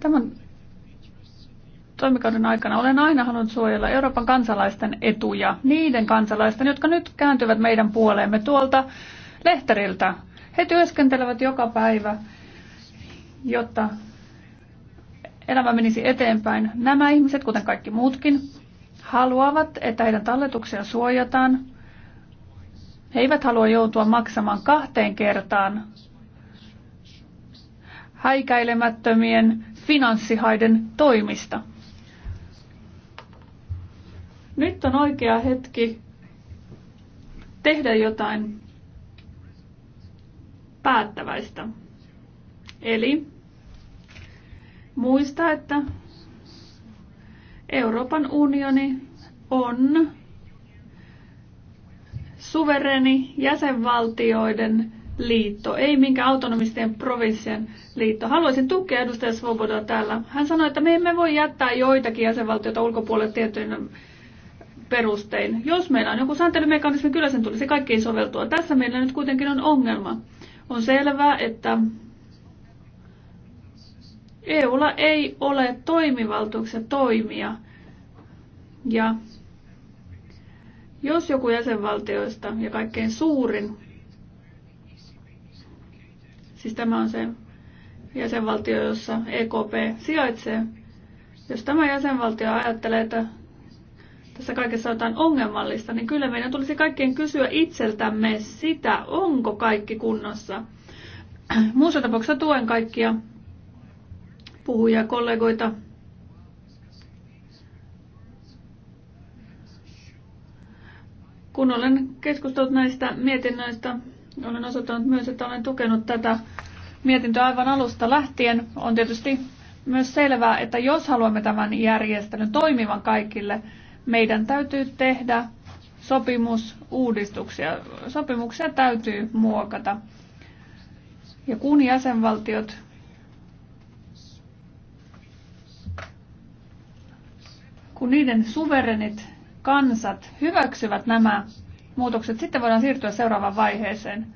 Tämän toimikauden aikana olen aina halunnut suojella Euroopan kansalaisten etuja, niiden kansalaisten, jotka nyt kääntyvät meidän puoleemme tuolta lehteriltä. He työskentelevät joka päivä, jotta elämä menisi eteenpäin. Nämä ihmiset, kuten kaikki muutkin, haluavat, että heidän talletuksia suojataan. He eivät halua joutua maksamaan kahteen kertaan häikäilemättömien finanssihaiden toimista. Nyt on oikea hetki tehdä jotain päättäväistä. Eli muista, että Euroopan unioni on suvereni jäsenvaltioiden liitto, ei minkä autonomisten provinssien liitto. Haluaisin tukea edustaja Svobodaa täällä. Hän sanoi, että me emme voi jättää joitakin jäsenvaltioita ulkopuolelle tietyn perustein. Jos meillä on joku sääntelymekanismi, kyllä sen tulisi kaikkiin soveltua. Tässä meillä nyt kuitenkin on ongelma. On selvää, että EUlla ei ole toimivaltuuksia toimia. Ja jos joku jäsenvaltioista ja kaikkein suurin Siis tämä on se jäsenvaltio, jossa EKP sijaitsee. Jos tämä jäsenvaltio ajattelee, että tässä kaikessa on jotain ongelmallista, niin kyllä meidän tulisi kaikkien kysyä itseltämme sitä, onko kaikki kunnossa. Muussa tapauksessa tuen kaikkia puhujia, kollegoita. Kun olen keskustellut näistä mietinnöistä, olen osoittanut myös, että olen tukenut tätä mietintöä aivan alusta lähtien. On tietysti myös selvää, että jos haluamme tämän järjestelyn toimivan kaikille, meidän täytyy tehdä sopimusuudistuksia. Sopimuksia täytyy muokata. Ja kun jäsenvaltiot kun niiden suverenit kansat hyväksyvät nämä muutokset. Sitten voidaan siirtyä seuraavaan vaiheeseen.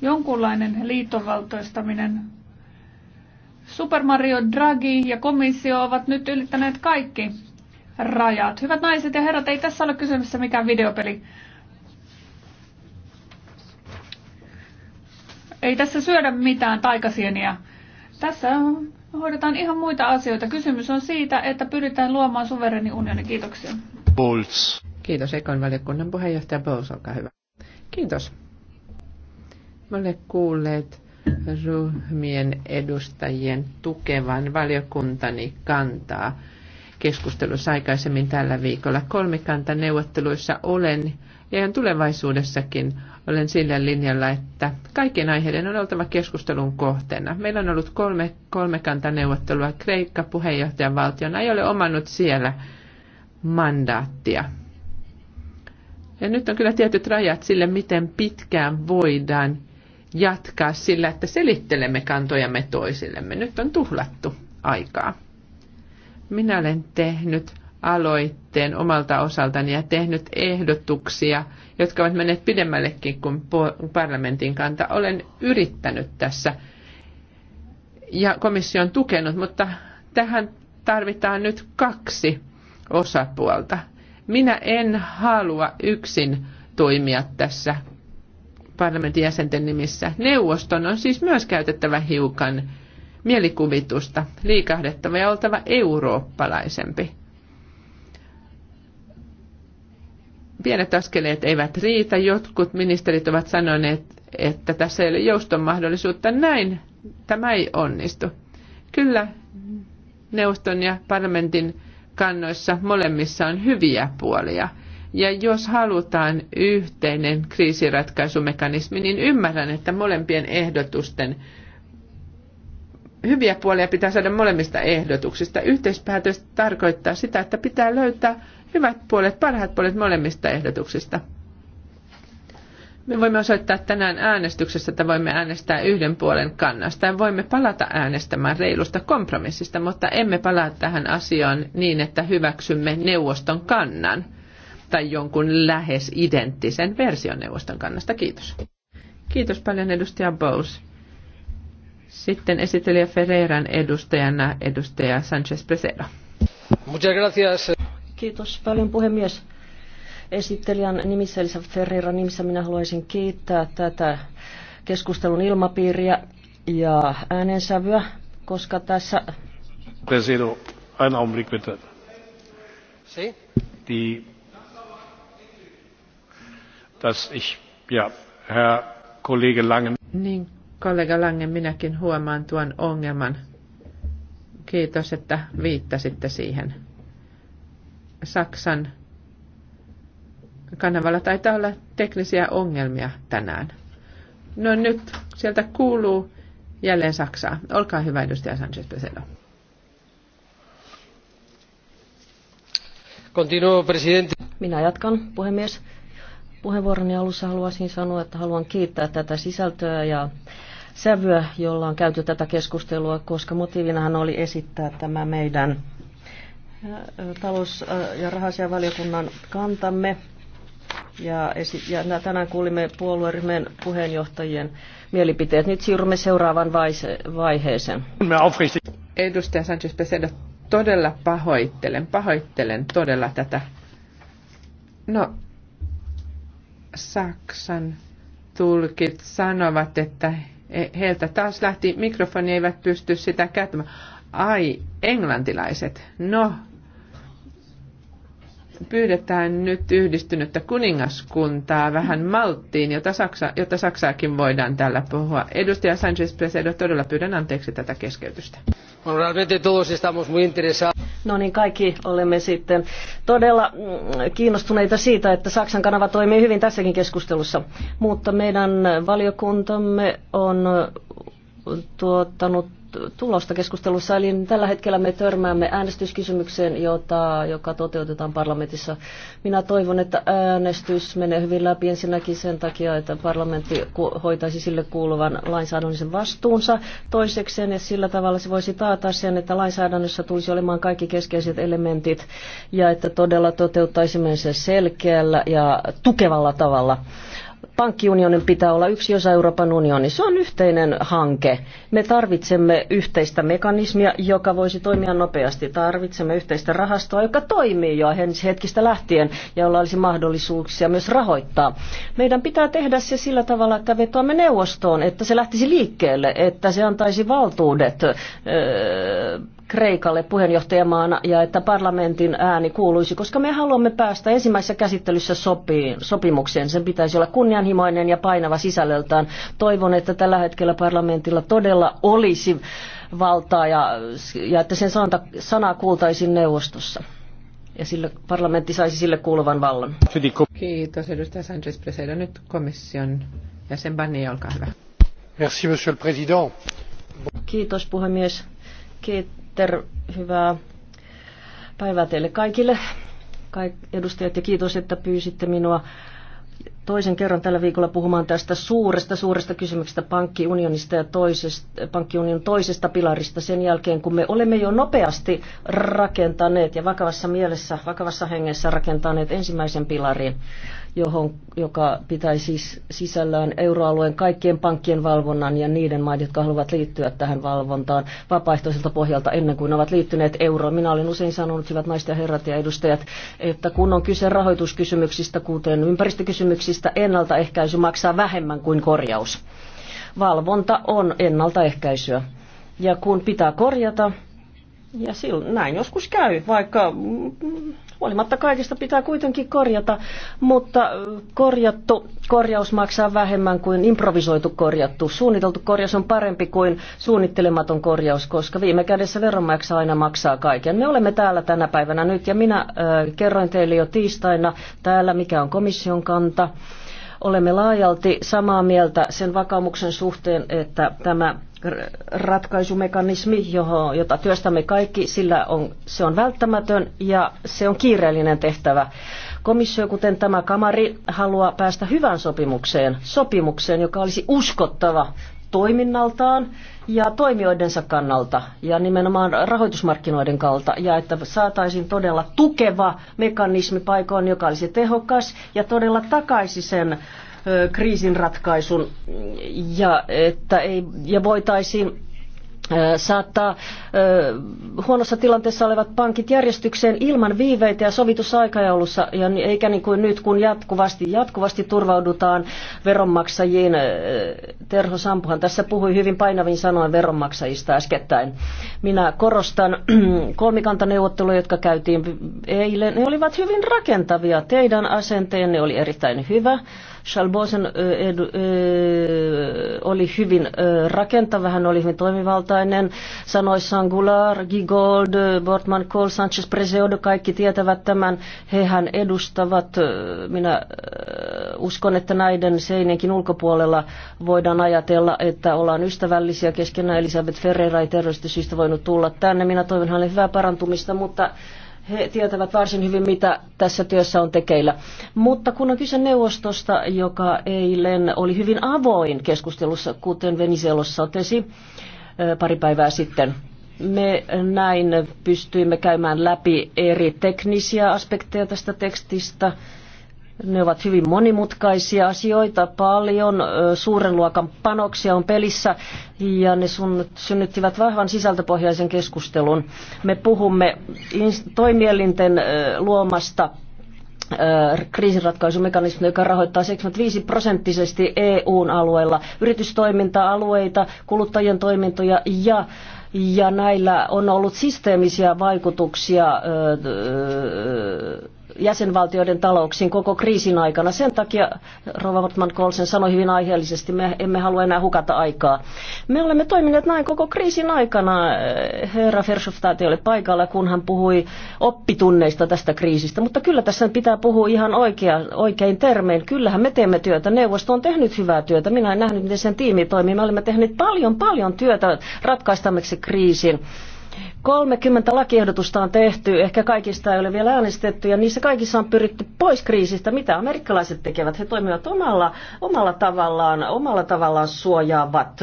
Jonkunlainen liittovaltoistaminen. Super Mario Draghi ja komissio ovat nyt ylittäneet kaikki rajat. Hyvät naiset ja herrat, ei tässä ole kysymyksessä mikään videopeli. Ei tässä syödä mitään taikasieniä. Tässä hoidetaan ihan muita asioita. Kysymys on siitä, että pyritään luomaan suvereni unioni. Kiitoksia. Bolts. Kiitos Ekon valiokunnan puheenjohtaja Bolts, olkaa hyvä. Kiitos. Me olemme kuulleet ryhmien edustajien tukevan valiokuntani kantaa keskustelussa aikaisemmin tällä viikolla. Kolmikantaneuvotteluissa olen ja tulevaisuudessakin olen sillä linjalla, että kaiken aiheiden on oltava keskustelun kohteena. Meillä on ollut kolme kolmikantaneuvottelua. Kreikka puheenjohtajan valtiona ei ole omannut siellä mandaattia. Ja nyt on kyllä tietyt rajat sille, miten pitkään voidaan jatkaa sillä, että selittelemme kantojamme toisillemme. Nyt on tuhlattu aikaa. Minä olen tehnyt aloitteen omalta osaltani ja tehnyt ehdotuksia, jotka ovat menneet pidemmällekin kuin parlamentin kanta. Olen yrittänyt tässä ja komissio on tukenut, mutta tähän tarvitaan nyt kaksi osapuolta. Minä en halua yksin toimia tässä parlamentin jäsenten nimissä. Neuvoston on siis myös käytettävä hiukan mielikuvitusta, liikahdettava ja oltava eurooppalaisempi. Pienet askeleet eivät riitä. Jotkut ministerit ovat sanoneet, että tässä ei ole jouston mahdollisuutta. Näin tämä ei onnistu. Kyllä neuvoston ja parlamentin kannoissa molemmissa on hyviä puolia. Ja jos halutaan yhteinen kriisiratkaisumekanismi, niin ymmärrän, että molempien ehdotusten hyviä puolia pitää saada molemmista ehdotuksista. Yhteispäätös tarkoittaa sitä, että pitää löytää hyvät puolet, parhaat puolet molemmista ehdotuksista. Me voimme osoittaa tänään äänestyksessä, että voimme äänestää yhden puolen kannasta ja voimme palata äänestämään reilusta kompromissista, mutta emme palaa tähän asiaan niin, että hyväksymme neuvoston kannan tai jonkun lähes identtisen version neuvoston kannasta. Kiitos. Kiitos paljon edustaja Bowes. Sitten esittelijä Ferreiran edustajana edustaja Sanchez gracias. Kiitos paljon puhemies. Esittelijän nimissä Elisa Ferreira nimissä minä haluaisin kiittää tätä keskustelun ilmapiiriä ja äänensävyä, koska tässä... Presido, einen Augenblick bitte. Die... Dass ich, ja, Herr Kollege Lange. Niin, kollega Lange minäkin huomaan tuon ongelman. Kiitos, että viittasitte siihen. Saksan kanavalla taitaa olla teknisiä ongelmia tänään. No nyt sieltä kuuluu jälleen Saksaa. Olkaa hyvä, edustaja Sanchez Pesedo. Continuo, presidentti. Minä jatkan, puhemies. Puheenvuoroni alussa haluaisin sanoa, että haluan kiittää tätä sisältöä ja sävyä, jolla on käyty tätä keskustelua, koska motiivinahan oli esittää tämä meidän talous- ja rahasiavaliokunnan kantamme ja, esi- ja tänään kuulimme puolueryhmän puheenjohtajien mielipiteet. Nyt siirrymme seuraavaan vaiheeseen. Edustaja Sanchez Pesedo, todella pahoittelen, pahoittelen todella tätä. No, Saksan tulkit sanovat, että heiltä taas lähti mikrofoni, eivät pysty sitä käyttämään. Ai, englantilaiset. No, pyydetään nyt yhdistynyttä kuningaskuntaa vähän malttiin, jota, Saksa, jota Saksaakin voidaan tällä puhua. Edustaja Sanchez Presedo, todella pyydän anteeksi tätä keskeytystä. No niin, kaikki olemme sitten todella mm, kiinnostuneita siitä, että Saksan kanava toimii hyvin tässäkin keskustelussa. Mutta meidän valiokuntamme on tuottanut tulosta keskustelussa. Eli tällä hetkellä me törmäämme äänestyskysymykseen, jota, joka toteutetaan parlamentissa. Minä toivon, että äänestys menee hyvin läpi ensinnäkin sen takia, että parlamentti hoitaisi sille kuuluvan lainsäädännöllisen vastuunsa. Toisekseen, että sillä tavalla se voisi taata sen, että lainsäädännössä tulisi olemaan kaikki keskeiset elementit ja että todella toteuttaisimme sen selkeällä ja tukevalla tavalla. Pankkiunionin pitää olla yksi osa Euroopan unionia. Se on yhteinen hanke. Me tarvitsemme yhteistä mekanismia, joka voisi toimia nopeasti. Tarvitsemme yhteistä rahastoa, joka toimii jo hetkistä lähtien ja jolla olisi mahdollisuuksia myös rahoittaa. Meidän pitää tehdä se sillä tavalla, että vetoamme neuvostoon, että se lähtisi liikkeelle, että se antaisi valtuudet. Öö, Kreikalle puheenjohtajamaana ja että parlamentin ääni kuuluisi, koska me haluamme päästä ensimmäisessä käsittelyssä sopiin, sopimukseen. Sen pitäisi olla kunnianhimoinen ja painava sisällöltään. Toivon, että tällä hetkellä parlamentilla todella olisi valtaa ja, ja että sen sanata, sanaa kuultaisiin neuvostossa. Ja sille, parlamentti saisi sille kuuluvan vallan. Kiitos edustaja Sanchez Preseda. Nyt komission jäsen Barnier, olkaa hyvä. Merci, monsieur le président. Kiitos puhemies. Kiitos Peter, hyvää päivää teille kaikille kaik- edustajat ja kiitos, että pyysitte minua toisen kerran tällä viikolla puhumaan tästä suuresta, suuresta kysymyksestä pankkiunionista ja toisesta, pankkiunion toisesta pilarista sen jälkeen, kun me olemme jo nopeasti rakentaneet ja vakavassa mielessä, vakavassa hengessä rakentaneet ensimmäisen pilarin johon, joka pitäisi siis sisällään euroalueen kaikkien pankkien valvonnan ja niiden maiden, jotka haluavat liittyä tähän valvontaan vapaaehtoiselta pohjalta ennen kuin ovat liittyneet euroon. Minä olen usein sanonut, hyvät naiset ja herrat ja edustajat, että kun on kyse rahoituskysymyksistä, kuten ympäristökysymyksistä, ennaltaehkäisy maksaa vähemmän kuin korjaus. Valvonta on ennaltaehkäisyä. Ja kun pitää korjata, ja silloin, näin joskus käy, vaikka mm, Huolimatta kaikesta pitää kuitenkin korjata, mutta korjattu korjaus maksaa vähemmän kuin improvisoitu korjattu. Suunniteltu korjaus on parempi kuin suunnittelematon korjaus, koska viime kädessä veronmaksaja aina maksaa kaiken. Me olemme täällä tänä päivänä nyt ja minä äh, kerroin teille jo tiistaina täällä, mikä on komission kanta. Olemme laajalti samaa mieltä sen vakaumuksen suhteen, että tämä ratkaisumekanismi, johon, jota työstämme kaikki, sillä on, se on välttämätön ja se on kiireellinen tehtävä. Komissio, kuten tämä kamari, haluaa päästä hyvään sopimukseen, sopimukseen, joka olisi uskottava toiminnaltaan ja toimijoidensa kannalta ja nimenomaan rahoitusmarkkinoiden kalta ja että saataisiin todella tukeva mekanismi paikoon, joka olisi tehokas ja todella takaisi sen kriisin ratkaisun ja, että ei, ja voitaisiin saattaa huonossa tilanteessa olevat pankit järjestykseen ilman viiveitä ja sovitusaikajaulussa, ja eikä niin kuin nyt, kun jatkuvasti, jatkuvasti turvaudutaan veronmaksajiin. Terho Sampuhan tässä puhui hyvin painavin sanoen veronmaksajista äskettäin. Minä korostan kolmikantaneuvotteluja, jotka käytiin eilen. Ne olivat hyvin rakentavia. Teidän asenteenne oli erittäin hyvä Schalbosen oli hyvin rakentava, hän oli hyvin toimivaltainen. Sanoissaan Goulart, Gigold, Bortman, Kohl, Sanchez, Preseudo, kaikki tietävät tämän. Hehän edustavat, minä uskon, että näiden seinienkin ulkopuolella voidaan ajatella, että ollaan ystävällisiä keskenään. Elisabeth Ferreira ei terroristisyistä voinut tulla tänne. Minä toivon hänelle hyvää parantumista, mutta he tietävät varsin hyvin, mitä tässä työssä on tekeillä. Mutta kun on kyse neuvostosta, joka eilen oli hyvin avoin keskustelussa, kuten Venizelossa sotesi pari päivää sitten, me näin pystyimme käymään läpi eri teknisiä aspekteja tästä tekstistä ne ovat hyvin monimutkaisia asioita, paljon suuren luokan panoksia on pelissä ja ne synnyttivät vahvan sisältöpohjaisen keskustelun. Me puhumme toimielinten luomasta kriisinratkaisumekanismi, joka rahoittaa 75 prosenttisesti EUn alueella yritystoiminta-alueita, kuluttajien toimintoja ja ja näillä on ollut systeemisiä vaikutuksia öö, jäsenvaltioiden talouksiin koko kriisin aikana. Sen takia Rova Wortman Kolsen sanoi hyvin aiheellisesti, me emme halua enää hukata aikaa. Me olemme toimineet näin koko kriisin aikana. Herra Fershoftaati oli paikalla, kun hän puhui oppitunneista tästä kriisistä, mutta kyllä tässä pitää puhua ihan oikea, oikein termein. Kyllähän me teemme työtä. Neuvosto on tehnyt hyvää työtä. Minä en nähnyt, miten sen tiimi toimii. Me olemme tehneet paljon, paljon työtä ratkaistamiseksi kriisin. 30 lakiehdotusta on tehty, ehkä kaikista ei ole vielä äänestetty, ja niissä kaikissa on pyritty pois kriisistä. Mitä amerikkalaiset tekevät? He toimivat omalla, omalla, tavallaan, omalla tavallaan suojaavat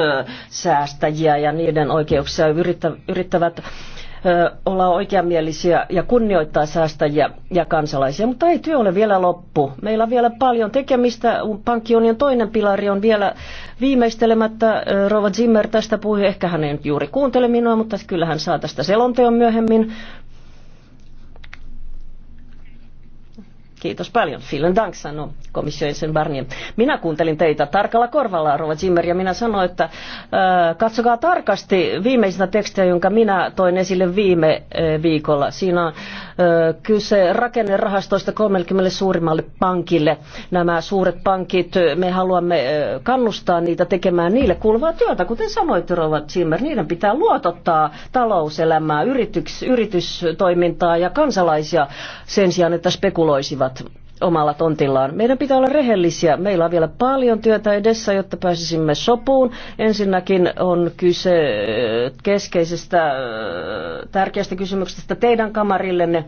säästäjiä ja niiden oikeuksia yrittävät olla oikeamielisiä ja kunnioittaa säästäjiä ja kansalaisia. Mutta ei työ ole vielä loppu. Meillä on vielä paljon tekemistä. Pankkiunion toinen pilari on vielä viimeistelemättä. Rova Zimmer tästä puhui. Ehkä hän ei nyt juuri kuuntele minua, mutta kyllä hän saa tästä selonteon myöhemmin. Kiitos paljon. Vielen dank, sanoi komission jäsen Barnier. Minä kuuntelin teitä tarkalla korvalla, Rova Zimmer, ja minä sanoin, että äh, katsokaa tarkasti viimeisintä tekstiä, jonka minä toin esille viime äh, viikolla. Siinä on äh, kyse rakennerahastoista 30 suurimmalle pankille. Nämä suuret pankit, äh, me haluamme äh, kannustaa niitä tekemään niille kuuluvaa työtä, kuten sanoitte, Rova Zimmer. Niiden pitää luotottaa talouselämää, yrityks, yritystoimintaa ja kansalaisia sen sijaan, että spekuloisivat ovat omalla tontillaan. Meidän pitää olla rehellisiä. Meillä on vielä paljon työtä edessä, jotta pääsisimme sopuun. Ensinnäkin on kyse äh, keskeisestä äh, tärkeästä kysymyksestä teidän kamarillenne.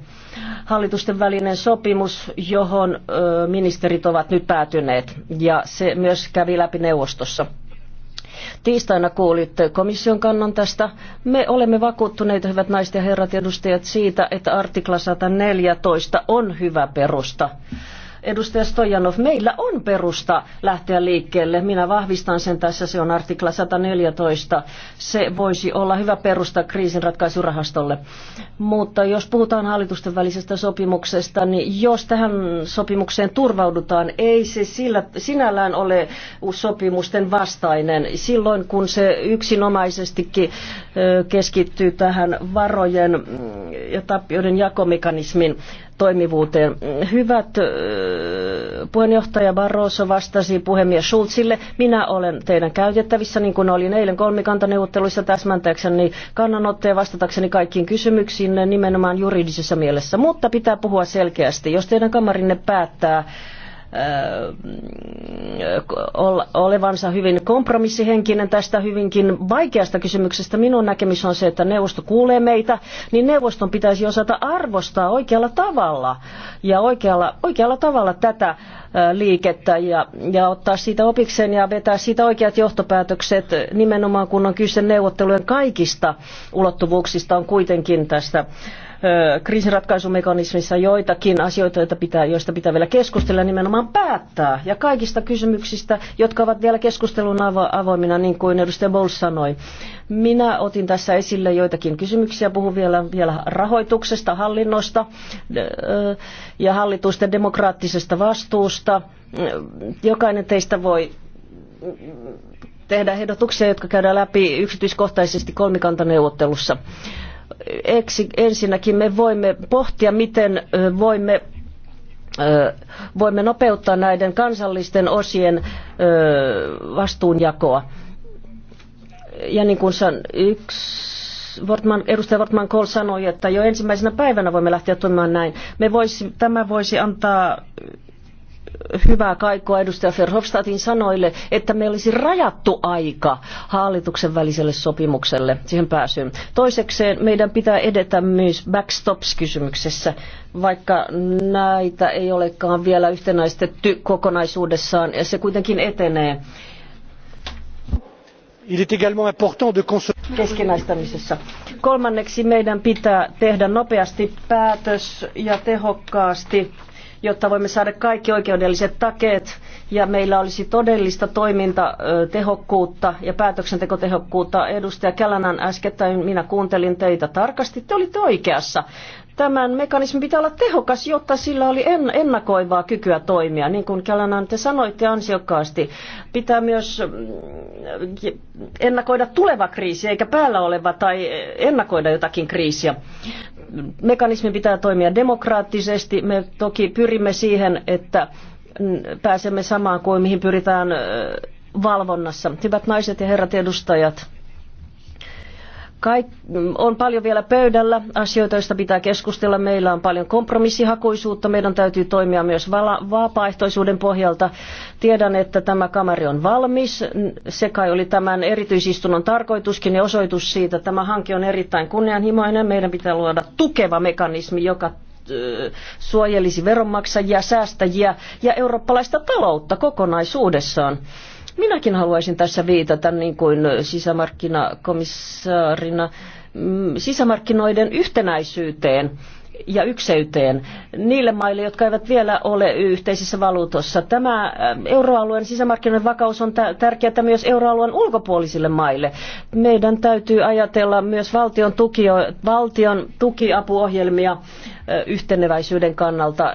Hallitusten välinen sopimus, johon äh, ministerit ovat nyt päätyneet. Ja se myös kävi läpi neuvostossa. Tiistaina kuulitte komission kannan tästä. Me olemme vakuuttuneita, hyvät naiset ja herrat edustajat, siitä, että artikla 114 on hyvä perusta Edustaja Stojanov, meillä on perusta lähteä liikkeelle. Minä vahvistan sen tässä, se on artikla 114. Se voisi olla hyvä perusta kriisinratkaisurahastolle. Mutta jos puhutaan hallitusten välisestä sopimuksesta, niin jos tähän sopimukseen turvaudutaan, ei se sillä, sinällään ole sopimusten vastainen. Silloin kun se yksinomaisestikin keskittyy tähän varojen mm, ja tappioiden jakomekanismin toimivuuteen. Hyvät puheenjohtaja Barroso vastasi puhemies Schulzille, minä olen teidän käytettävissä, niin kuin olin eilen kolmikantaneuvotteluissa täsmäntäkseni kannanotteen vastatakseni kaikkiin kysymyksiin nimenomaan juridisessa mielessä, mutta pitää puhua selkeästi. Jos teidän kamarinne päättää Mm, olevansa hyvin kompromissihenkinen tästä hyvinkin vaikeasta kysymyksestä. Minun näkemys on se, että neuvosto kuulee meitä, niin neuvoston pitäisi osata arvostaa oikealla tavalla ja oikealla, oikealla tavalla tätä liikettä ja, ja ottaa siitä opikseen ja vetää siitä oikeat johtopäätökset nimenomaan kun on kyse neuvottelujen kaikista ulottuvuuksista on kuitenkin tästä äh, kriisinratkaisumekanismissa joitakin asioita, joita pitää, joista pitää vielä keskustella, nimenomaan päättää. Ja kaikista kysymyksistä, jotka ovat vielä keskustelun avoimina, niin kuin edustaja Bowles sanoi. Minä otin tässä esille joitakin kysymyksiä, puhun vielä, vielä rahoituksesta, hallinnosta ja hallitusten demokraattisesta vastuusta. Jokainen teistä voi tehdä ehdotuksia, jotka käydään läpi yksityiskohtaisesti kolmikantaneuvottelussa ensinnäkin me voimme pohtia, miten voimme voimme nopeuttaa näiden kansallisten osien vastuunjakoa. Ja niin kuin san, yksi Wortman, edustaja Wortman Kohl sanoi, että jo ensimmäisenä päivänä voimme lähteä toimimaan näin. Me voisi, tämä voisi antaa hyvää kaikua edustaja Verhofstadtin sanoille, että me olisi rajattu aika hallituksen väliselle sopimukselle siihen pääsyyn. Toisekseen meidän pitää edetä myös backstops-kysymyksessä, vaikka näitä ei olekaan vielä yhtenäistetty kokonaisuudessaan, ja se kuitenkin etenee. Il est également important de keskinäistämisessä. Kolmanneksi meidän pitää tehdä nopeasti päätös ja tehokkaasti jotta voimme saada kaikki oikeudelliset takeet ja meillä olisi todellista toimintatehokkuutta ja päätöksentekotehokkuutta. Edustaja Kälänan äskettäin minä kuuntelin teitä tarkasti, te olitte oikeassa. Tämän mekanismin pitää olla tehokas, jotta sillä oli ennakoivaa kykyä toimia. Niin kuin Kelanan te sanoitte ansiokkaasti, pitää myös mm, ennakoida tuleva kriisi, eikä päällä oleva tai ennakoida jotakin kriisiä. Mekanismi pitää toimia demokraattisesti. Me toki pyrimme siihen, että mm, pääsemme samaan kuin mihin pyritään valvonnassa. Hyvät naiset ja herrat edustajat, Kaik, on paljon vielä pöydällä asioita, joista pitää keskustella. Meillä on paljon kompromissihakuisuutta. Meidän täytyy toimia myös vala, vapaaehtoisuuden pohjalta. Tiedän, että tämä kamari on valmis. Se kai oli tämän erityisistunnon tarkoituskin ja osoitus siitä. Tämä hanke on erittäin kunnianhimoinen. Meidän pitää luoda tukeva mekanismi, joka suojelisi veronmaksajia, säästäjiä ja eurooppalaista taloutta kokonaisuudessaan. Minäkin haluaisin tässä viitata niin kuin sisämarkkinakomissaarina mm, sisämarkkinoiden yhtenäisyyteen ja ykseyteen niille maille, jotka eivät vielä ole yhteisessä valuutossa. Tämä ähm, euroalueen sisämarkkinoiden vakaus on tärkeää myös euroalueen ulkopuolisille maille. Meidän täytyy ajatella myös valtion, tuki, valtion tukiapuohjelmia äh, yhteneväisyyden kannalta.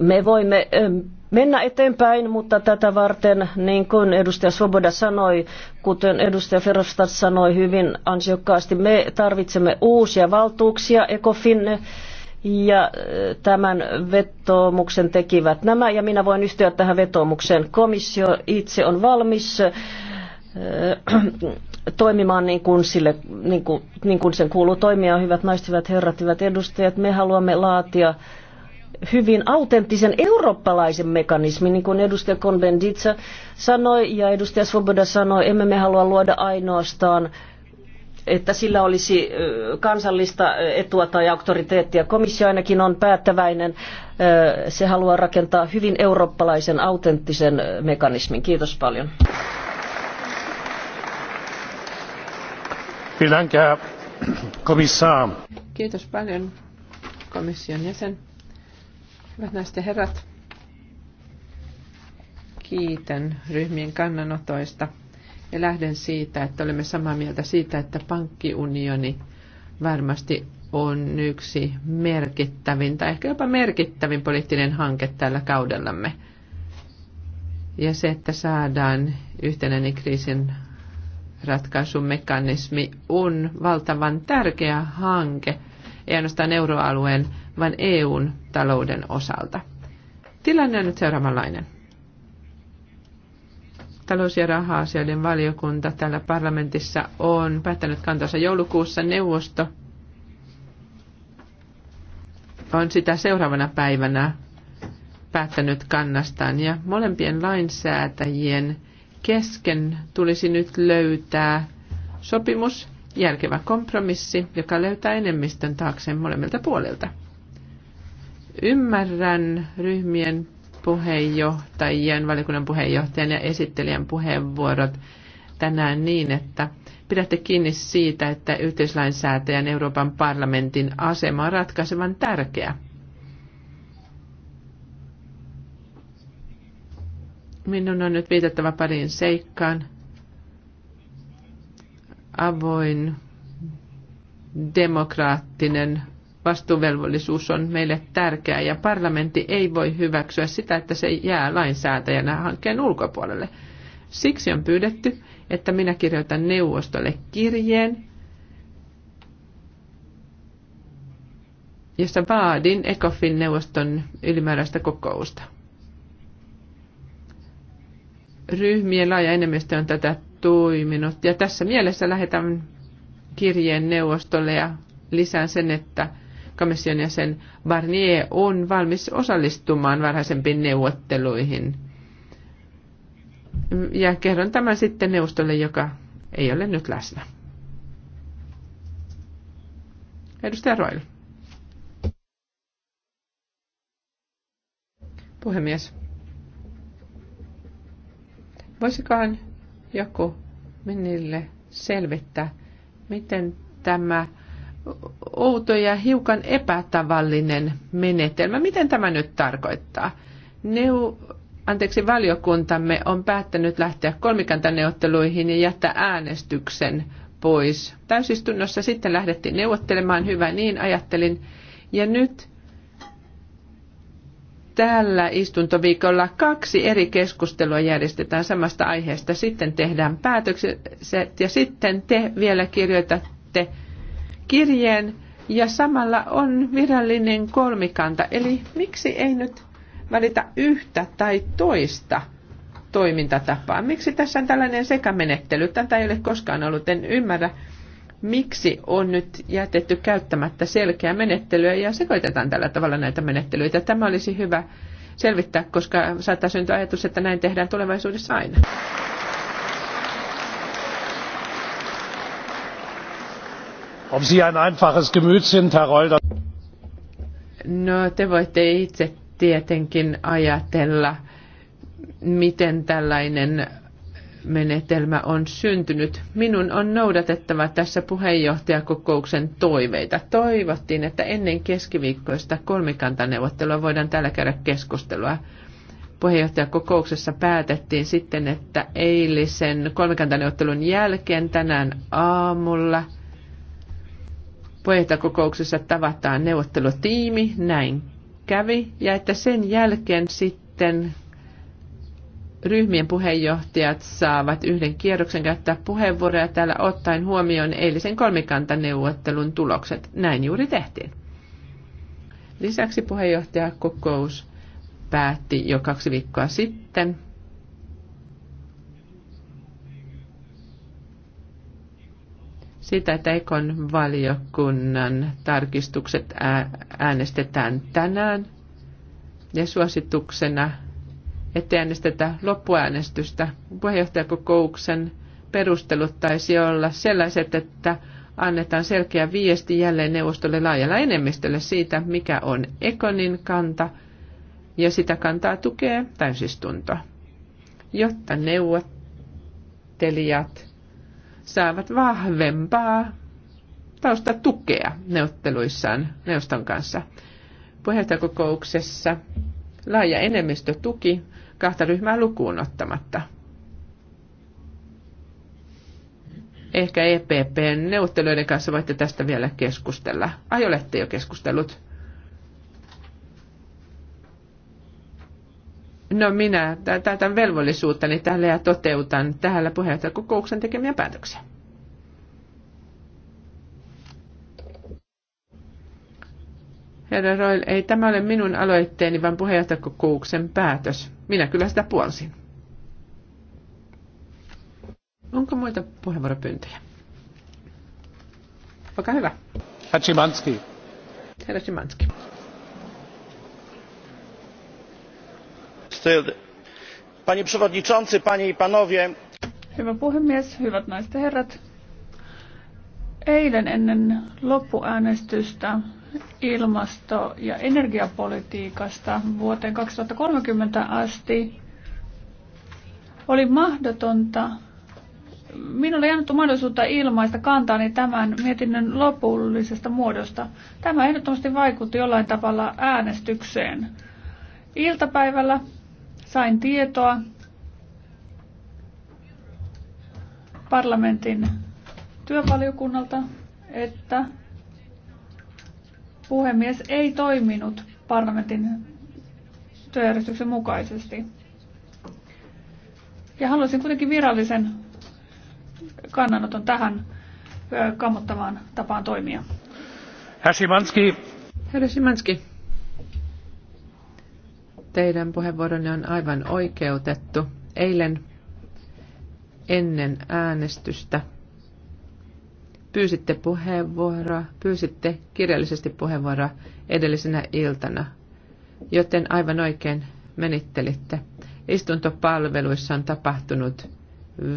Me voimme ähm, mennä eteenpäin, mutta tätä varten, niin kuin edustaja Svoboda sanoi, kuten edustaja Ferostat sanoi hyvin ansiokkaasti, me tarvitsemme uusia valtuuksia ECOFIN ja äh, tämän vetoomuksen tekivät nämä, ja minä voin yhtyä tähän vetoomukseen. Komissio itse on valmis äh, toimimaan niin kuin, sille, niin kuin, niin kuin sen kuuluu toimia, hyvät naiset, hyvät herrat, hyvät edustajat. Me haluamme laatia äh, hyvin autenttisen eurooppalaisen mekanismin, niin kuin edustaja Konvenditsa sanoi ja edustaja Svoboda sanoi, emme me halua luoda ainoastaan että sillä olisi kansallista etua tai auktoriteettia. Komissio ainakin on päättäväinen. Se haluaa rakentaa hyvin eurooppalaisen autenttisen mekanismin. Kiitos paljon. Kiitos paljon komission jäsen. Hyvät naiset ja herrat, kiitän ryhmien kannanotoista ja lähden siitä, että olemme samaa mieltä siitä, että pankkiunioni varmasti on yksi merkittävin tai ehkä jopa merkittävin poliittinen hanke tällä kaudellamme. Ja se, että saadaan yhtenäinen kriisin ratkaisumekanismi on valtavan tärkeä hanke – ei ainoastaan euroalueen, vaan EUn talouden osalta. Tilanne on nyt seuraavanlainen. Talous- ja raha-asioiden valiokunta täällä parlamentissa on päättänyt kantansa joulukuussa neuvosto on sitä seuraavana päivänä päättänyt kannastaan ja molempien lainsäätäjien kesken tulisi nyt löytää sopimus järkevä kompromissi, joka löytää enemmistön taakse molemmilta puolilta. Ymmärrän ryhmien puheenjohtajien, valiokunnan puheenjohtajan ja esittelijän puheenvuorot tänään niin, että pidätte kiinni siitä, että yhteislainsäätäjän Euroopan parlamentin asema on ratkaisevan tärkeä. Minun on nyt viitattava pariin seikkaan avoin demokraattinen vastuuvelvollisuus on meille tärkeää ja parlamentti ei voi hyväksyä sitä, että se jää lainsäätäjänä hankkeen ulkopuolelle. Siksi on pyydetty, että minä kirjoitan neuvostolle kirjeen, jossa vaadin ECOFIN neuvoston ylimääräistä kokousta. Ryhmien laaja enemmistö on tätä toiminut. Ja tässä mielessä lähetän kirjeen neuvostolle ja lisään sen, että komission jäsen Barnier on valmis osallistumaan varhaisempiin neuvotteluihin. Ja kerron tämän sitten neuvostolle, joka ei ole nyt läsnä. Edustaja Roil. Puhemies. Voisikohan joku minille selvittää, miten tämä outo ja hiukan epätavallinen menetelmä, miten tämä nyt tarkoittaa? Neu, anteeksi, valiokuntamme on päättänyt lähteä kolmikantaneuvotteluihin ja jättää äänestyksen pois. Täysistunnossa sitten lähdettiin neuvottelemaan, hyvä niin ajattelin. Ja nyt tällä istuntoviikolla kaksi eri keskustelua järjestetään samasta aiheesta. Sitten tehdään päätökset ja sitten te vielä kirjoitatte kirjeen ja samalla on virallinen kolmikanta. Eli miksi ei nyt valita yhtä tai toista toimintatapaa? Miksi tässä on tällainen sekamenettely? Tätä ei ole koskaan ollut, en ymmärrä miksi on nyt jätetty käyttämättä selkeää menettelyä ja sekoitetaan tällä tavalla näitä menettelyitä. Tämä olisi hyvä selvittää, koska saattaa syntyä ajatus, että näin tehdään tulevaisuudessa aina. Ob Sie ein einfaches Gemüt sind, Herr No, te voitte itse tietenkin ajatella, miten tällainen menetelmä on syntynyt. Minun on noudatettava tässä puheenjohtajakokouksen toiveita. Toivottiin, että ennen keskiviikkoista kolmikantaneuvottelua voidaan täällä käydä keskustelua. Puheenjohtajakokouksessa päätettiin sitten, että eilisen kolmikantaneuvottelun jälkeen tänään aamulla puheenjohtajakokouksessa tavataan neuvottelutiimi, näin kävi, ja että sen jälkeen sitten ryhmien puheenjohtajat saavat yhden kierroksen käyttää puheenvuoroja täällä ottaen huomioon eilisen kolmikantaneuvottelun tulokset. Näin juuri tehtiin. Lisäksi puheenjohtajakokous päätti jo kaksi viikkoa sitten sitä, että Ekon valiokunnan tarkistukset äänestetään tänään ja suosituksena – ettei äänestetä loppuäänestystä. Puheenjohtajakokouksen perustelut taisi olla sellaiset, että annetaan selkeä viesti jälleen neuvostolle laajalla enemmistölle siitä, mikä on Ekonin kanta, ja sitä kantaa tukee täysistunto, jotta neuvottelijat saavat vahvempaa tausta tukea neuvotteluissaan neuvoston kanssa. Puheenjohtajakokouksessa laaja enemmistö tuki kahta ryhmää lukuun ottamatta. Ehkä EPPn neuvottelijoiden kanssa voitte tästä vielä keskustella. Ai olette jo keskustellut. No minä täytän velvollisuuttani tälle ja toteutan täällä puheenjohtajakokouksen tekemiä päätöksiä. Herra Roil, ei tämä ole minun aloitteeni, vaan puheenjohtajakokouksen päätös. Minä kyllä sitä puolsin. Onko muita puheenvuoropyyntöjä? Olkaa hyvä. Herr Szymanski. Herra Szymanski. Panie przewodniczący, panie i panowie. Hyvä puhemies, hyvät naiset herrat. Eilen ennen loppuäänestystä ilmasto- ja energiapolitiikasta vuoteen 2030 asti oli mahdotonta. Minulle ei annettu mahdollisuutta ilmaista kantaani tämän mietinnön lopullisesta muodosta. Tämä ehdottomasti vaikutti jollain tavalla äänestykseen. Iltapäivällä sain tietoa parlamentin työvaliokunnalta, että puhemies ei toiminut parlamentin työjärjestyksen mukaisesti. Ja haluaisin kuitenkin virallisen kannanoton tähän kammottavaan tapaan toimia. Herr Szymanski. Herr Szymanski. Teidän puheenvuoronne on aivan oikeutettu. Eilen ennen äänestystä pyysitte puheenvuoroa, pyysitte kirjallisesti puheenvuoroa edellisenä iltana, joten aivan oikein menittelitte. Istuntopalveluissa on tapahtunut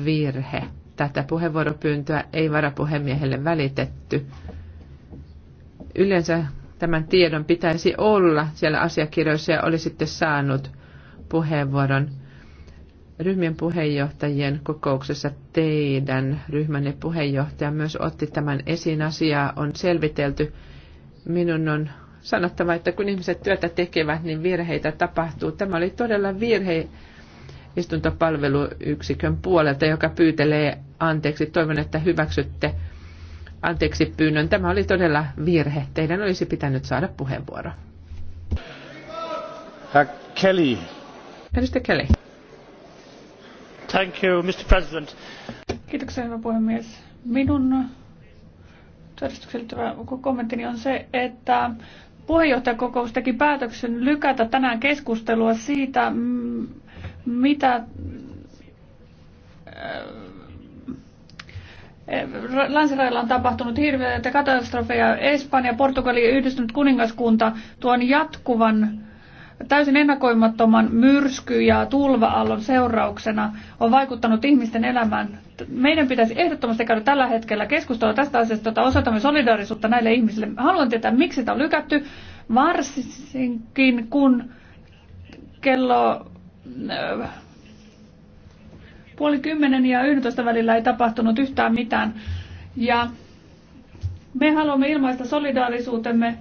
virhe. Tätä puheenvuoropyyntöä ei varapuhemiehelle välitetty. Yleensä tämän tiedon pitäisi olla siellä asiakirjoissa ja olisitte saanut puheenvuoron ryhmien puheenjohtajien kokouksessa teidän ryhmänne puheenjohtaja myös otti tämän esiin. Asiaa on selvitelty. Minun on sanottava, että kun ihmiset työtä tekevät, niin virheitä tapahtuu. Tämä oli todella virhe istuntopalveluyksikön puolelta, joka pyytelee anteeksi. Toivon, että hyväksytte anteeksi pyynnön. Tämä oli todella virhe. Teidän olisi pitänyt saada puheenvuoro. Kelly. Edustaja Kelly mr puhemies. Minun todistuksellittava kommenttini on se, että puheenjohtajakokous teki päätöksen lykätä tänään keskustelua siitä, mitä äh, länsirajalla on tapahtunut hirveitä katastrofeja. Espanja, Portugali ja yhdistynyt kuningaskunta tuon jatkuvan täysin ennakoimattoman myrsky- ja tulvaallon seurauksena on vaikuttanut ihmisten elämään. Meidän pitäisi ehdottomasti käydä tällä hetkellä keskustelua tästä asiasta, että osoitamme solidaarisuutta näille ihmisille. Haluan tietää, miksi sitä on lykätty, varsinkin kun kello äh, puoli kymmenen ja yhdentoista välillä ei tapahtunut yhtään mitään. Ja me haluamme ilmaista solidaarisuutemme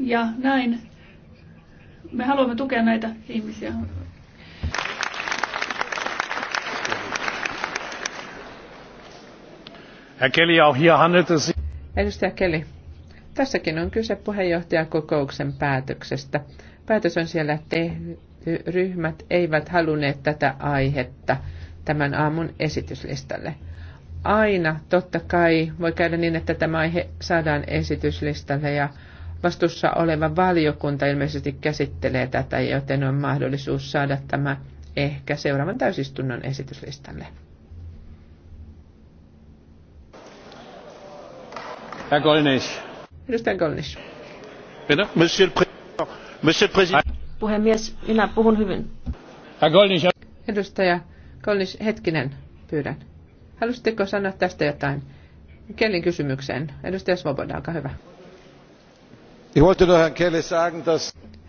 ja näin me haluamme tukea näitä ihmisiä. Edustaja Keli, tässäkin on kyse puheenjohtajakokouksen päätöksestä. Päätös on siellä tehty. Ryhmät eivät halunneet tätä aihetta tämän aamun esityslistalle. Aina totta kai voi käydä niin, että tämä aihe saadaan esityslistalle ja vastuussa oleva valiokunta ilmeisesti käsittelee tätä, joten on mahdollisuus saada tämä ehkä seuraavan täysistunnon esityslistalle. Edustaja Gollnisch. Puhemies, minä puhun hyvin. Edustaja Gollnisch, hetkinen, pyydän. Halusitteko sanoa tästä jotain? Kielin kysymykseen. Edustaja Svoboda, olkaa hyvä.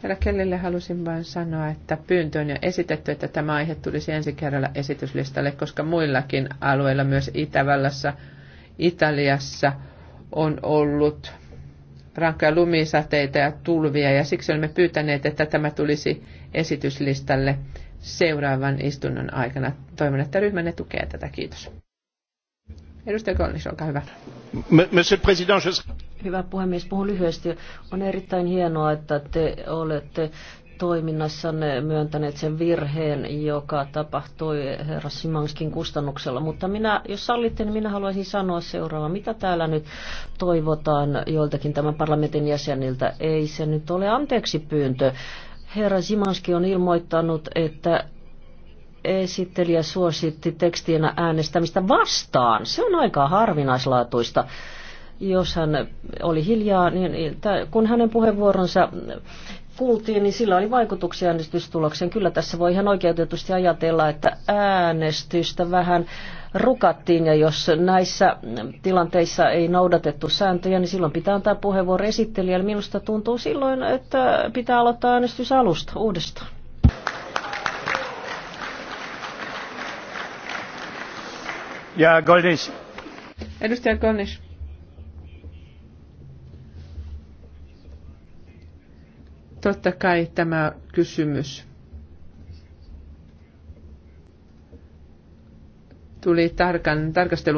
Herra Kellille halusin vain sanoa, että pyyntö on jo esitetty, että tämä aihe tulisi ensi kerralla esityslistalle, koska muillakin alueilla, myös Itävallassa, Italiassa on ollut rankkoja lumisateita ja tulvia, ja siksi olemme pyytäneet, että tämä tulisi esityslistalle seuraavan istunnon aikana. Toivon, että ryhmänne tukee tätä. Kiitos. Edustaja olkaa hyvä. Monsieur je... Hyvä puhemies, puhun lyhyesti. On erittäin hienoa, että te olette toiminnassanne myöntäneet sen virheen, joka tapahtui herra Simanskin kustannuksella. Mutta minä, jos sallitte, niin minä haluaisin sanoa seuraava. Mitä täällä nyt toivotaan joiltakin tämän parlamentin jäseniltä? Ei se nyt ole anteeksi pyyntö. Herra Simanski on ilmoittanut, että esittelijä suositti tekstien äänestämistä vastaan. Se on aika harvinaislaatuista. Jos hän oli hiljaa, niin, niin kun hänen puheenvuoronsa kuultiin, niin sillä oli vaikutuksia äänestystulokseen. Kyllä tässä voi ihan oikeutetusti ajatella, että äänestystä vähän rukattiin ja jos näissä tilanteissa ei noudatettu sääntöjä, niin silloin pitää antaa puheenvuoro esittelijälle. Minusta tuntuu silloin, että pitää aloittaa äänestys alusta uudestaan. Ja Goldnish. Edustaja Goldnish. Totta kai tämä kysymys tuli tarkan tarkastelun